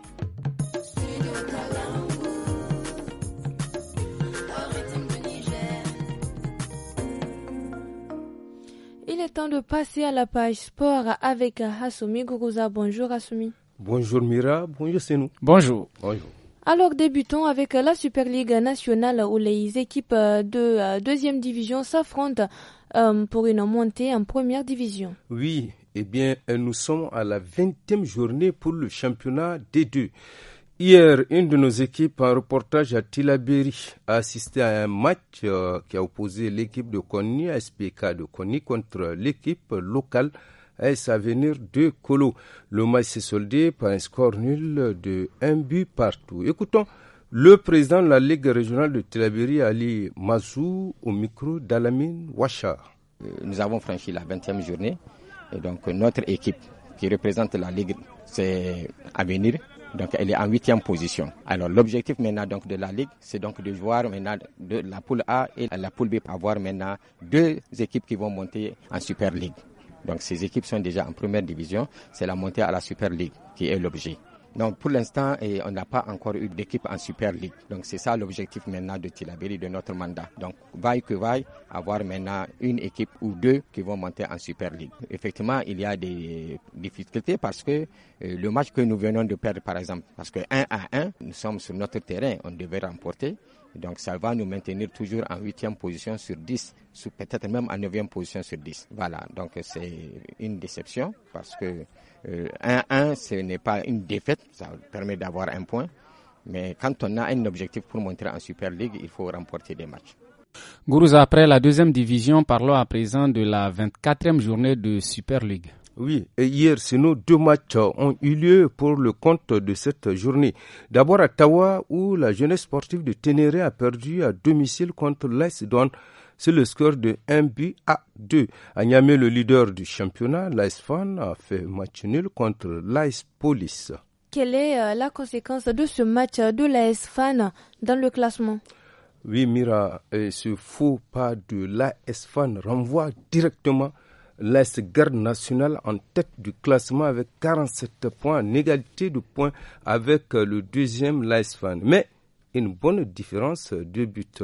Il est temps de passer à la page sport avec Hassoumi Gourouza. Bonjour Hassoumi. Bonjour Mira, bonjour nous Bonjour. Bonjour. Alors débutons avec la Super Superliga nationale où les équipes de euh, deuxième division s'affrontent euh, pour une montée en première division. Oui, eh bien euh, nous sommes à la 20e journée pour le championnat des deux. Hier, une de nos équipes en reportage à Tilaberi a assisté à un match qui a opposé l'équipe de Kony, SPK de Kony, contre l'équipe locale est à venir de colos Le match s'est soldé par un score nul de 1 but partout. Écoutons le président de la Ligue régionale de Telabiri Ali Mazou, au micro d'Alamine Wacha. Nous avons franchi la 20e journée et donc notre équipe qui représente la Ligue, c'est à venir. Donc elle est en huitième position. Alors l'objectif maintenant donc de la Ligue, c'est donc de voir maintenant de la poule A et la poule B, avoir maintenant deux équipes qui vont monter en Super Ligue. Donc ces équipes sont déjà en première division. C'est la montée à la Super League qui est l'objet. Donc pour l'instant, eh, on n'a pas encore eu d'équipe en Super League. Donc c'est ça l'objectif maintenant de Tilaberi, de notre mandat. Donc vaille que vaille, avoir maintenant une équipe ou deux qui vont monter en Super League. Effectivement, il y a des difficultés parce que eh, le match que nous venons de perdre, par exemple, parce que 1 à 1, nous sommes sur notre terrain, on devait remporter. Donc ça va nous maintenir toujours en huitième position sur 10, peut-être même en neuvième position sur dix. Voilà, donc c'est une déception parce que 1-1, euh, ce n'est pas une défaite, ça permet d'avoir un point. Mais quand on a un objectif pour montrer en Super League, il faut remporter des matchs. Gourouz, après la deuxième division, parlons à présent de la 24e journée de Super League. Oui, et hier, sinon, deux matchs ont eu lieu pour le compte de cette journée. D'abord à Tawa, où la jeunesse sportive de Ténéré a perdu à domicile contre l'AS C'est le score de 1 but à 2. À le leader du championnat, l'AS Fan, a fait match nul contre l'AS Police. Quelle est euh, la conséquence de ce match de l'AS Fan dans le classement Oui, Mira, ce faux pas de l'AS Fan renvoie directement laisse Garde nationale en tête du classement avec 47 points, en égalité de points avec euh, le deuxième, l'AS Fan. Mais une bonne différence euh, de but.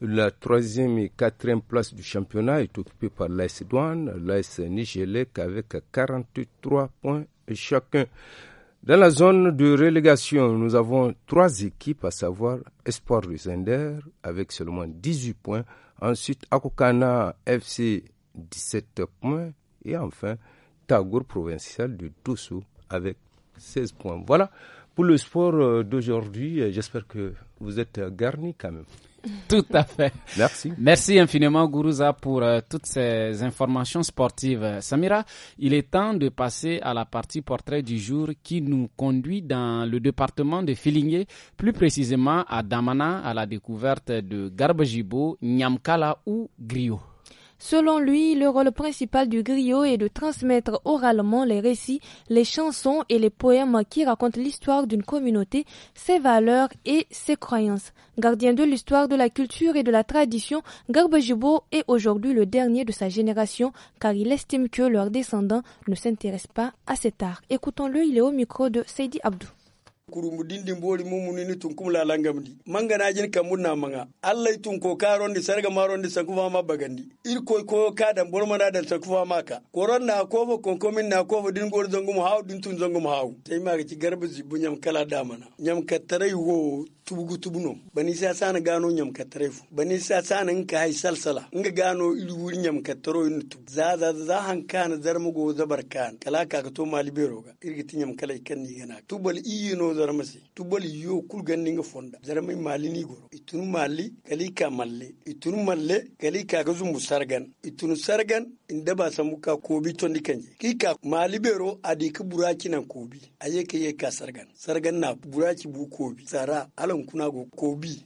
La troisième et quatrième place du championnat est occupée par l'AS Douane, l'AS Nigelek avec 43 points chacun. Dans la zone de relégation, nous avons trois équipes, à savoir Espoir Rusender avec seulement 18 points. Ensuite, Akokana FC 17 points. Et enfin, Tagour provincial de Dosso avec 16 points. Voilà pour le sport euh, d'aujourd'hui. J'espère que vous êtes garni quand même. Tout à fait. Merci. Merci infiniment, Gourouza, pour euh, toutes ces informations sportives. Euh, Samira, il est temps de passer à la partie portrait du jour qui nous conduit dans le département de Filingué, plus précisément à Damana, à la découverte de Garbajibo, Nyamkala ou Griot. Selon lui, le rôle principal du griot est de transmettre oralement les récits, les chansons et les poèmes qui racontent l'histoire d'une communauté, ses valeurs et ses croyances. Gardien de l'histoire de la culture et de la tradition, Garbejibo est aujourd'hui le dernier de sa génération car il estime que leurs descendants ne s'intéressent pas à cet art. Écoutons-le, il est au micro de Seidi Abdou. kurumu dindin bori mumu ni tun kum langamdi manga na jin kamun na manga allah tun ko karon di sarga maron di sakufa ma bagandi ir koy ko ka dan borma na dan sakufa ma ka koron na ko fo kon komin na ko fo din gor zangum haw din tun zangum haw tay ma ci garba zibu nyam kala damana nyam ka wo tubugu tubno bani sasana gano nyam katarefu bani sasana nka hay salsala nga gano ili wuri nyam kataro in tub za za za han kan zar mugo zabar kan kala ka to mali bero ga irgi tinyam kala ikan ni gana tubal iyi no zar masi tubal yo kul ganni nga fonda zar mai mali ni goro itun mali kali ka malle itun malle kali ka ga zumbu sargan itun sargan inda ba ko bi to ni kobi ki ka mali bero adi ka buraki nan kobi aye ka ye ka sargan sargan na buraki bu ko bi sara ala nan kuna go kobi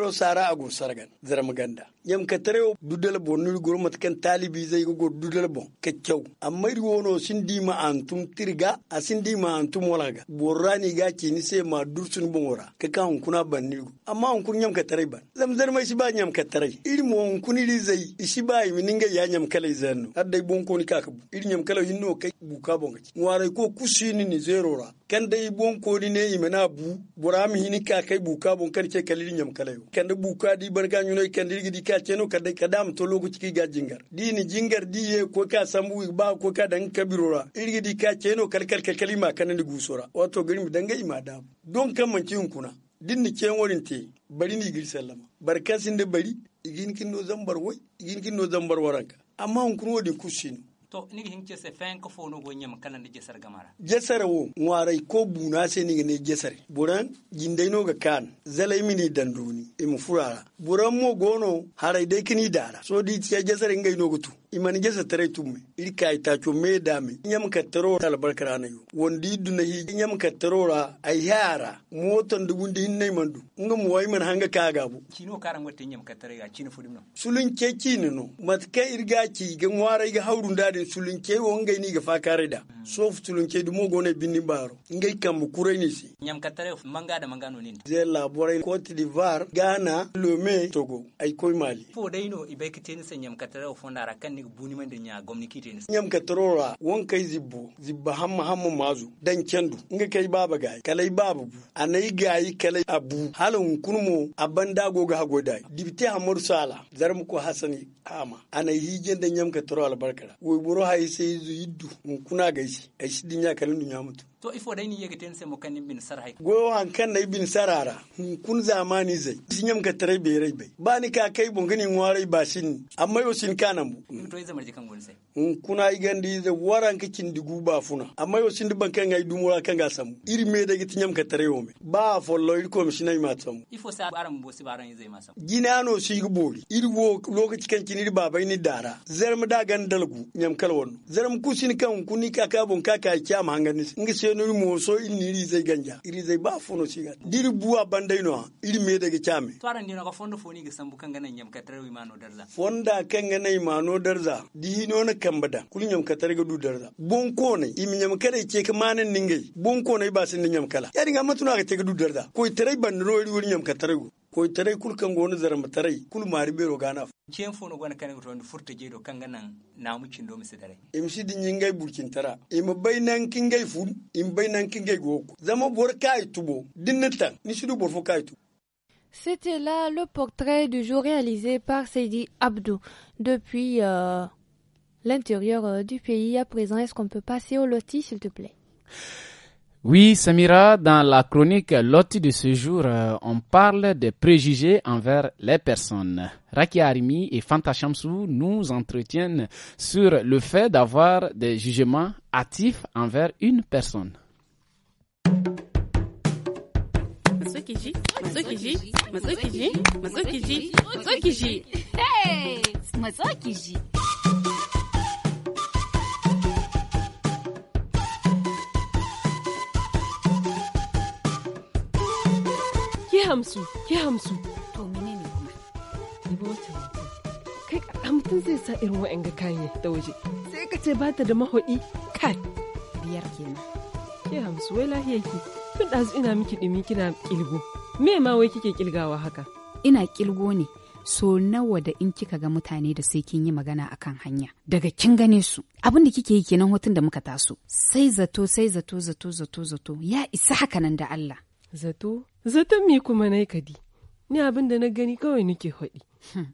ro sara ago sargan zaramganda yam ka tarew dudal bon nul gor mat kan talibi zai go dudal bon keccaw amma ri wono sindima antum tirga a sindima antum walaga borani ga ci ni se ma dursun bongora ka kan kuna banni amma on kun yam ka tare ban zam zar mai ba yam ka tare iri mo on kun ri zai yi min ga ya yam kala zanno adda bon ko ni ka ka iri yam kala hinno kai buka bon ka warai ko kusini ni zerora kan dai buwan kodi ne mana bu boram hini ka kai buka bon kan ke kalil nyam kalayo kan da buka di ga nyuno kan dirgi di ka ceno kan dai kadam to loku ciki ga jingar di ni jingar di ye ko ka sambu ba ko ka dan kabirora irgi di ka ceno kal kal kal kalima kan ni gusora wato garin danga ima da don kan manci kuna din ni cen worin te bari ni gir sallama barkasin da bari igin kin no zambar wai igin kin no zambar waranka amma hun kun wodin kusino to nig hin ce fen ko fo no go nyam kala de jesar gamara jesar wo ngwarai ko buna se nig ne jesar buran jindai no ga kan zalai mini danduni e mu furara buran mo gono harai dai kini dara so di ce jesar ngai no gutu imani jesa tare tumme kai ta cho me me nyam ka tarora albarkara na yo wondi duna hi nyam ka tarora ay yara motan dugun di hinne mandu nga mo ay man hanga kaga bu kino karan wata nyam ka tare ga cin fudim no sulun ke cin no mat ka irga ci ga ngwara ga haurun dadin sulun ke wonga ni ga kare da sof tulun ke dumo gone binni baro ngay kam kure ni si nyam katare manga da manga nonin ze la bore cote d'ivoire ghana me togo ay koy mali fo dai no ibe kiteni se nyam katare fo ndara kan ni buni man nya gomni kiteni nyam katare ra won kay zibbo zibba ham ham mazu dan kendu ngay kay baba gay gai baba bu anay gay kalai abu halon kunmo abanda goga hagodai dibte amur sala zarmu ko hasani ama anay hijen de nyam katare barkara wo buru hay sey zu yiddu mun kuna gai shi a shi din kalin dun mutu to ifo dai ni yake tense se mo kan bin sarai go han kan dai bin sarara kun zamani zai sinyam ka tare be rai bai ba ni ka kai bun gani warai ba shin amma yo shin kana mu to yi zamar jikan gonse kuna gandi ze waran ka kin digu ba funa amma yo shin ban kan ai dumura kan ga samu iri me da gitinyam ka tare me ba fo follow iri komishinai ma samu ifo sa baran bo si baran zai ma samu ginano shi gbori iri wo lokaci kan kin iri babai ni dara zar da gandalgu dalgu nyam kalwon zar mu kusin kan kuni ka ka bon ka ka kya ma hangani ngi nuri moso so il ni ri zai ganja iri zai ba fono ci diri buwa bandai no iri me daga chame to ndi dino ka fondo foni ga sambu kan ganan nyam katar wi mano darza fonda kan ganai mano darza di hino na kambada kul nyam katare ga du darza bon ko ne imi nyam kare ce ka manan ningai bon ko ne ba sin nyam kala yari ga matuna ga te ga du darza ko tare ban rori wuri nyam katare koytaray kulkan gono zaramataray kul mari bero ganaf cen fono gona kan rondo furta jedo kanga nan namu cindo mi sidare imsi din yingay burkin tara im baynan kingay fun im baynan kingay goku zama bor kay tubo dinnata ni sidu bor fo kay tubo C'était là le portrait du jour réalisé par Seydi Abdou depuis euh, l'intérieur euh, du pays. À présent, est-ce qu'on peut passer au loti, s'il te plaît oui, Samira, dans la chronique Loti de ce jour, euh, on parle des préjugés envers les personnes. Raki Harimi et Fanta Shamsou nous entretiennent sur le fait d'avoir des jugements hâtifs envers une personne. hamsu ki hamsu to menene kuma ni ba kai zai sa irin ga kayan ta waje sai ka ce bata da mahoɗi kai biyar kenan ki hamsu wai lahiya ki tun ɗazu ina miki ɗumi kina kilgo me ma wai kike kilgawa haka ina kilgo ne so nawa da in kika ga mutane da sai kin yi magana akan hanya daga kin gane su abin da kike yi kenan hotun da muka taso sai zato sai zato zato zato zato ya isa haka nan da Allah zato zato me kuma na kadi ni abin da na gani kawai nake haɗi hmm.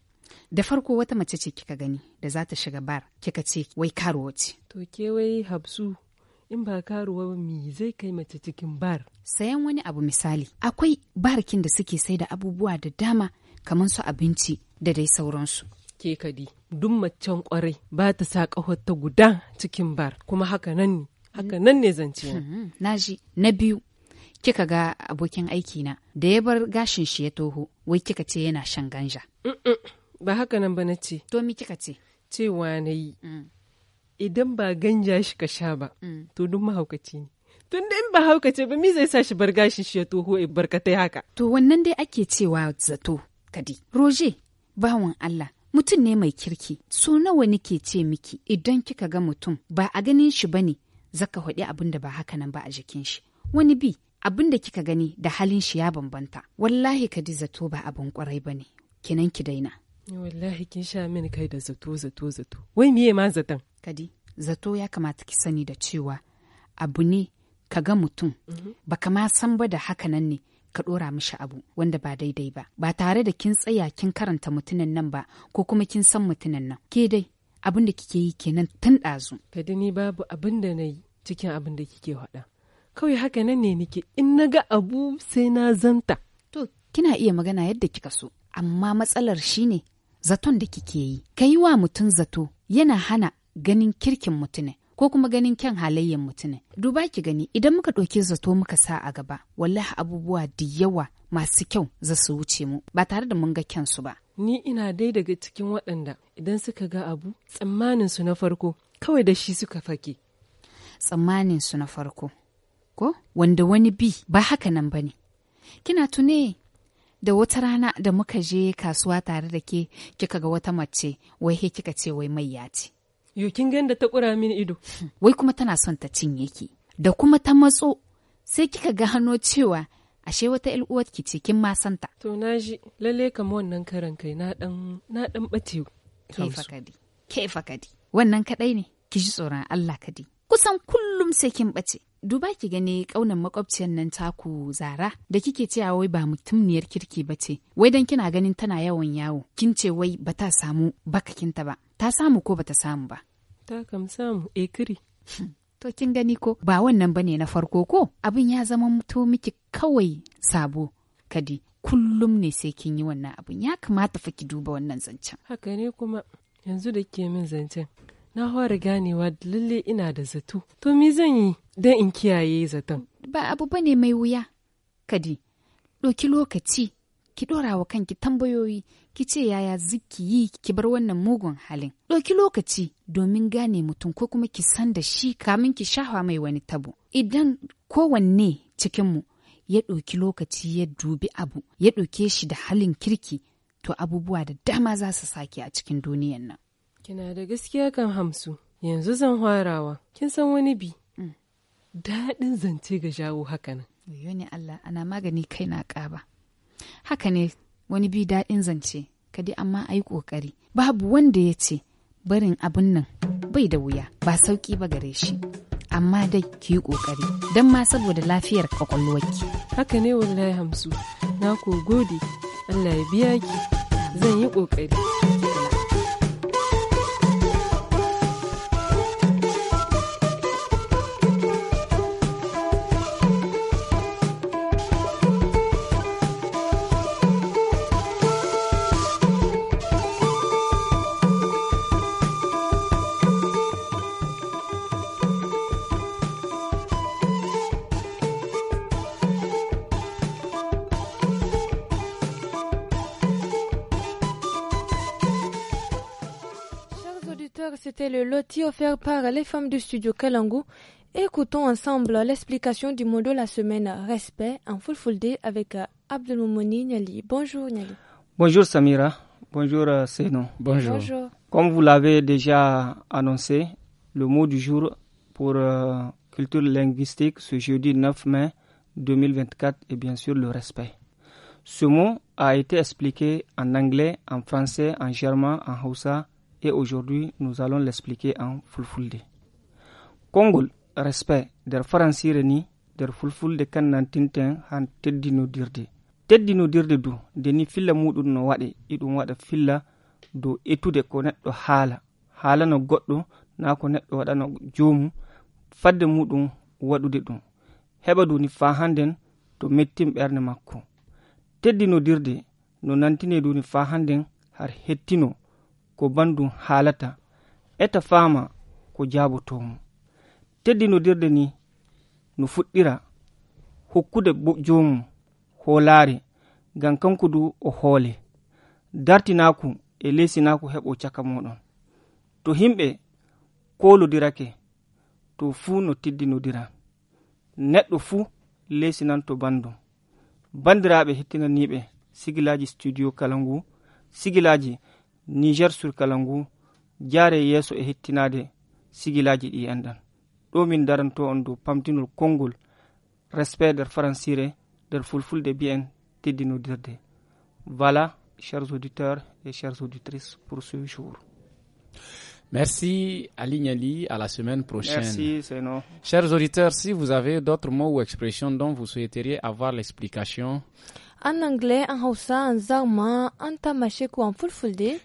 da farko wata mace ce kika gani da za ta shiga bar kika ce wai karuwa ce to ke wai habsu in ba karuwa mi zai kai mace cikin bar sayan wani abu misali akwai barkin da suke sai da abubuwa da dama kamar su abinci da dai sauransu ke kadi duk macen kwarai ba ta sa ta guda cikin bar kuma haka nan ne haka hmm. nan ne zance na hmm. na biyu kika ga abokin aikina da ya bar gashin shi ya toho wai kika ce yana shan ganja. Ba haka nan ba na ce. To mi kika ce? Cewa na yi. Mm. Idan ba ganja shi ka sha ba, mm. to duk mahaukaci ne. Tun da in ba haukace ba mi zai sa shi bar gashin shi ya toho in barkatai haka. To wannan dai ake cewa zato kadi. Roje, bawan Allah, mutum ne mai kirki. So nawa nake ce miki idan kika ga mutum ba a ganin shi ba ne zaka haɗi abin da ba haka nan ba a jikin shi. Wani bi abin da kika gani da halin shi ya bambanta wallahi ka zato ba abin kwarai ba ne kinan ki daina wallahi kin sha min kai da zato zato zato wai miye ma zaton kadi zato ya kamata ki sani da cewa abu ne ka ga mutum mhm. ba ka ma san ba da haka nan ne ka ɗora mishi abu wanda ba daidai ba ba tare da kin tsaya kin karanta mutumin nan ba ko kuma kin san mutumin nan ke dai abin da kike yi kenan tun ɗazu. kadi ni babu abin da na cikin abin da kike faɗa. kawai haka nan ne nike. in na ga abu sai na zanta to kina iya magana yadda kika so amma matsalar shi ne zaton da kike yi ka yi wa mutum zato yana hana ganin kirkin mutune. ko kuma ganin kyan halayyar mutune. duba ki gani idan muka ɗauki zato muka sa a gaba wallahi abubuwa da yawa masu kyau za su wuce mu ba tare da mun ga kyansu ba ni ina dai daga cikin waɗanda idan suka ga abu tsammanin na farko kawai da shi suka fake tsammanin su na farko ko wanda wani bi ba haka nan ba ne kina tune da wata rana da muka je kasuwa tare da ke kika ga wata mace wai he kika ce wai ya ce yo kin ganda ta kura mini ido wai kuma tana son ta cinye ki da kuma ta matso sai kika ga hano cewa ashe wata ƴar ki ce kin ma ta. to na ji lalle kama wannan karan kai na dan na ke fakadi ke fakadi wannan kaɗai ne ki ji tsoron Allah kadi kusan kullum sai kin bace duba ki gani kaunan makwabciyar nan taku zara da kike cewa wai ba mutumniyar kirki ba ce wai dan kina ganin tana yawan yawo kin ce wai ba ta samu bakakinta ba ta samu ko ba ta samu ba ta kam samu eh, kiri hmm. to kin gani ko ba wannan bane na farko ko abin ya zama to miki kawai sabo kadi kullum ne sai kin yi wannan abin ya kamata fa ki duba wannan zancen haka ne kuma yanzu da ke min zancen na fara ganewa lalle ina da zato to me zan yi don in kiyaye zaton ba abu ba ne mai wuya kadi ɗauki lokaci ki ɗora wa kanki tambayoyi ki ce yaya ziki yi ki bar wannan mugun halin ɗauki lokaci domin gane mutum ko kuma ki san da shi kamin ki shafa mai wani tabo idan kowanne cikinmu ya ɗauki lokaci ya dubi abu ya ɗauke shi da halin kirki to abubuwa da dama za su sake a cikin duniyan nan Kina da gaskiya kan hamsu, yanzu zan hwarawa, kin san wani bi. Mm. Daɗin zance ga jawo haka nan. ne Allah, ana magani kai na ƙaba. Haka ne wani bi daɗin zance, kadi amma a yi ƙoƙari. Babu wanda ya ce, barin abin nan bai da wuya, ba sauƙi ba gare shi. amma dai ki yi ƙoƙari don ma saboda lafiyar kwakwalwarki. Haka ne wallahi hamsu, na ko gode, Allah ya biya ki, zan yi ƙoƙari. C'est le loti offert par les femmes du studio Kalangu. Écoutons ensemble l'explication du mot de la semaine respect en full full day avec euh, Abdelmoumoni Niali. Bonjour Niali. Bonjour Samira. Bonjour euh, Seno. Bonjour. Bonjour. Comme vous l'avez déjà annoncé, le mot du jour pour euh, culture linguistique ce jeudi 9 mai 2024 est bien sûr le respect. Ce mot a été expliqué en anglais, en français, en germain, en haussa, et aujourd'hui nous allons l'expliquer en fulfulde kongol respect nder faransire ni nder fulfulde kannantinten han teddi nodirde teddi nodirde du ndeni filla muɗum no waɗe e ɗum waɗa filla dow etude ko neɗɗo haala haala no goɗɗo na ko neɗɗo waɗano joomu fadde muɗum waɗude ɗum heɓa du ni fa hannden to mettin ɓernde makko teddi nodirde no nantine duni fa hannden har hettino ko bandu haalata eta faama ko jaabotomo teddi nodirde ni no fuɗɗira hokkude joomu hoolaare ngam kanko du o hoole dartinaaku e leesinaaku heɓo caka moɗon to himɓe koolodirake to fuu no teddi nodira neɗɗo fuu leesinan to bandu bandiraaɓe hettinaniiɓe sigilaaji studio kala ngu sigilaaji niger sur Kalangu yeeso e hettinade sigilaji ɗi enɗan ɗo min daranto on dow pamtinol konngol respect nder faransire nder fulfulde teddinodirde voilà chers auditeurs et chers auditrices pour ce jour Merci Ali à la semaine prochaine. Merci, c'est non. Chers auditeurs, si vous avez d'autres mots ou expressions dont vous souhaiteriez avoir l'explication, en anglais, en hausa, en zauma, en tamashek ou en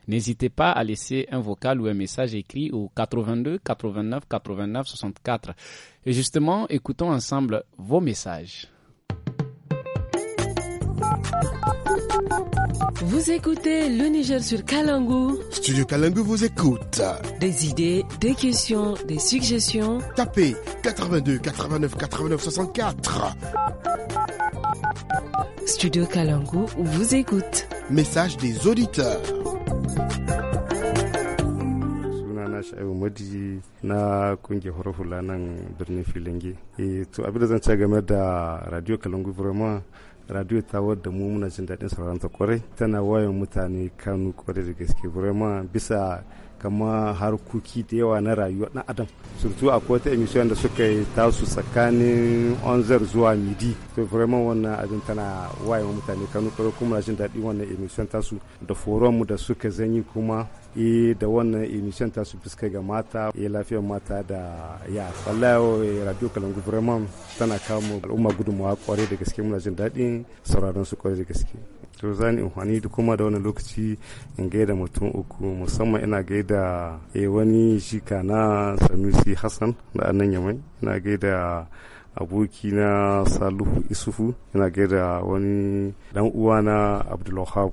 N'hésitez pas à laisser un vocal ou un message écrit au 82 89 89 64. Et justement, écoutons ensemble vos messages. Vous écoutez le Niger sur Kalangu. Studio Kalangu vous écoute. Des idées, des questions, des suggestions. Tapez 82 89 89 64. Studio Kalangu vous écoute. Message des auditeurs. sha'ibu madi na kungiyar hula nan birnin filinge e to abin da zan ce game da radio kalangu vraiment. radio ta wadda mu muna jin daɗin sauraron ta kwarai tana wayan mutane kanu kwarai da gaske bisa kama harkoki da yawa na rayuwa na adam surtu a wata emission da suka yi tasu tsakanin onzer zuwa midi to vraiment wannan abin tana wayewa mutane kanu karo kuma rashin daɗi wannan emission tasu da forum da suka zanyi kuma e da wannan emission tasu fuska ga mata e lafiyar mata da ya wallahi e, radio kalangu vraiment tana kawo al'umma gudunmawa kwarai da gaske muna jin daɗin sauraron su kwarai da gaske to zan amfani da kuma da wani lokaci in gaida mutum uku musamman ina gaida eh, wani shika na sanusi hassan da annan yamai ina gaida aboki na saluhu isufu ina gaida wani dan uwa na abdulwahab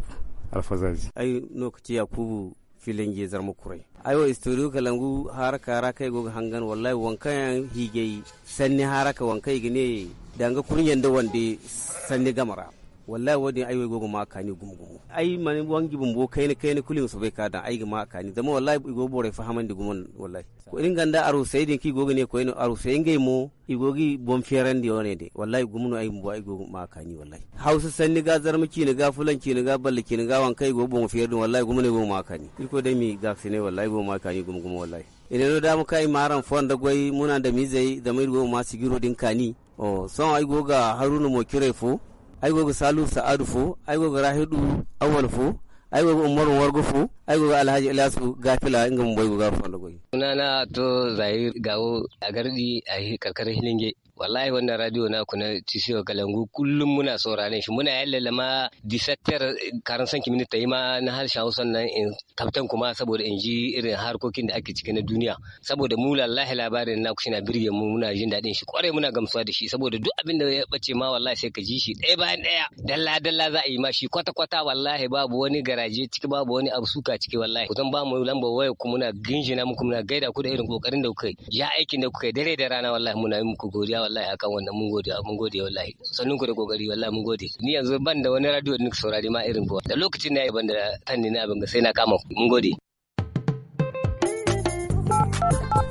alfazaji ai lokaci yakubu filin gezar makurai ayo studio kalangu haraka haraka goga hangan wallahi wankan hige sanni haraka wankai gine danga kurnyen da wande sanni gamara wallahi wadin ai gogo ma kani gumgumu ai man wangi bumbo kai ne kai ne kulin su bai kada ai ma kani zama wallahi igo bore fa hamandi gumon wallahi ko irin ganda aro sai din ki gogo ne ko ino aro sai ngai mo igogi bon feran di one de wallahi gumno ai mbo ai gogo ma kani wallahi hausa sanni ga zarmaki ne ga ki ne ga ballaki ne ga wan kai gogo bon feran wallahi gumno gogo ma kani iko dai mi ga ne wallahi gogo ma kani gumgumu wallahi no da mu kai maran fon da gwai muna da mizai da mai gogo ma sigiro din kani o oh, son ai goga haruna mo kirefu aygogo salu sa'adu fo aygogo rahidu awal fo aigogo umaru wargo fo aigogo alhaji ilasu gafila ingam boygo gafo da nana sunana to zahir gawo agardi gardi a hilinge wallahi wannan radio naku na tisiyo galangu kullum muna saurare shi muna yallala ma disaktar karan san kimini ta yi ma na harshen hausa nan in kaftan kuma saboda in ji irin harkokin da ake ciki na duniya saboda mu lallahi labarin naku shi na birge mu muna jin daɗin shi kwarai muna gamsuwa da shi saboda duk abin da ya bace ma wallahi sai ka ji shi ɗaya bayan ɗaya dalla dalla za a yi ma shi kwata kwata wallahi babu wani garaje ciki babu wani abu suka ciki wallahi kusan ba mu lamba waya ku muna ginjina muku muna gaida ku da irin kokarin da kuka yi ya aikin da kuka yi dare da rana wallahi muna yi muku godiya wallahi kan wannan mun gode mun gode wallahi sannun ku da kokari wallahi mun gode ni yanzu ban da wani radio da saurari ma irin ba da lokacin na yi ban da ni na abin sai na kama mun gode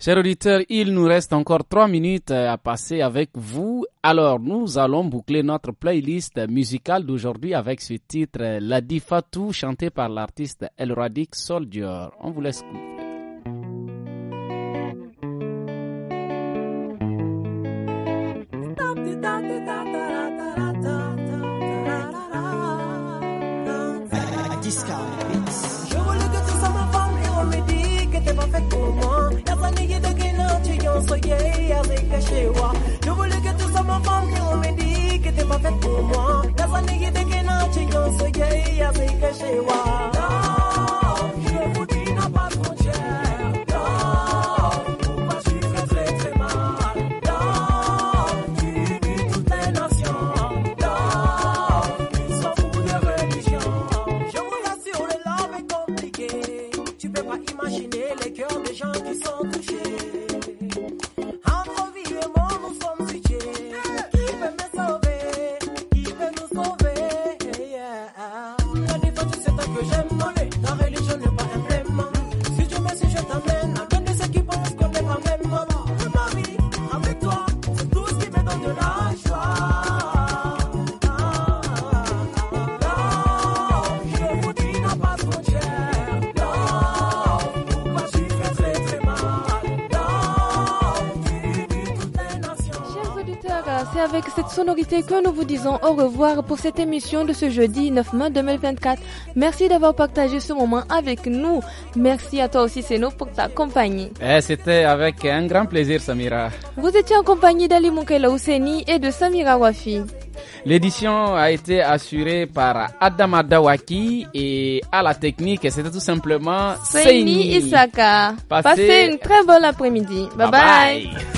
Chers auditeurs, il nous reste encore trois minutes euh, à passer avec vous. Alors, nous allons boucler notre playlist musicale d'aujourd'hui avec ce titre euh, La Difatou chanté par l'artiste El Radic Soldier. On vous laisse couper. So conseiller avec I chewa. Nous voulons que tout ça me femme, que l'on me dit que That's ma fête pour moi. La famille qui t'es qu'un conseiller avec que nous vous disons au revoir pour cette émission de ce jeudi 9 mai 2024. Merci d'avoir partagé ce moment avec nous. Merci à toi aussi, Seno, pour ta compagnie. Eh, C'était avec un grand plaisir, Samira. Vous étiez en compagnie d'Ali Moukela et de Samira Wafi. L'édition a été assurée par Adama Dawaki et à la technique, c'était tout simplement Seini Isaka. Passez, une très bonne après-midi. bye. bye.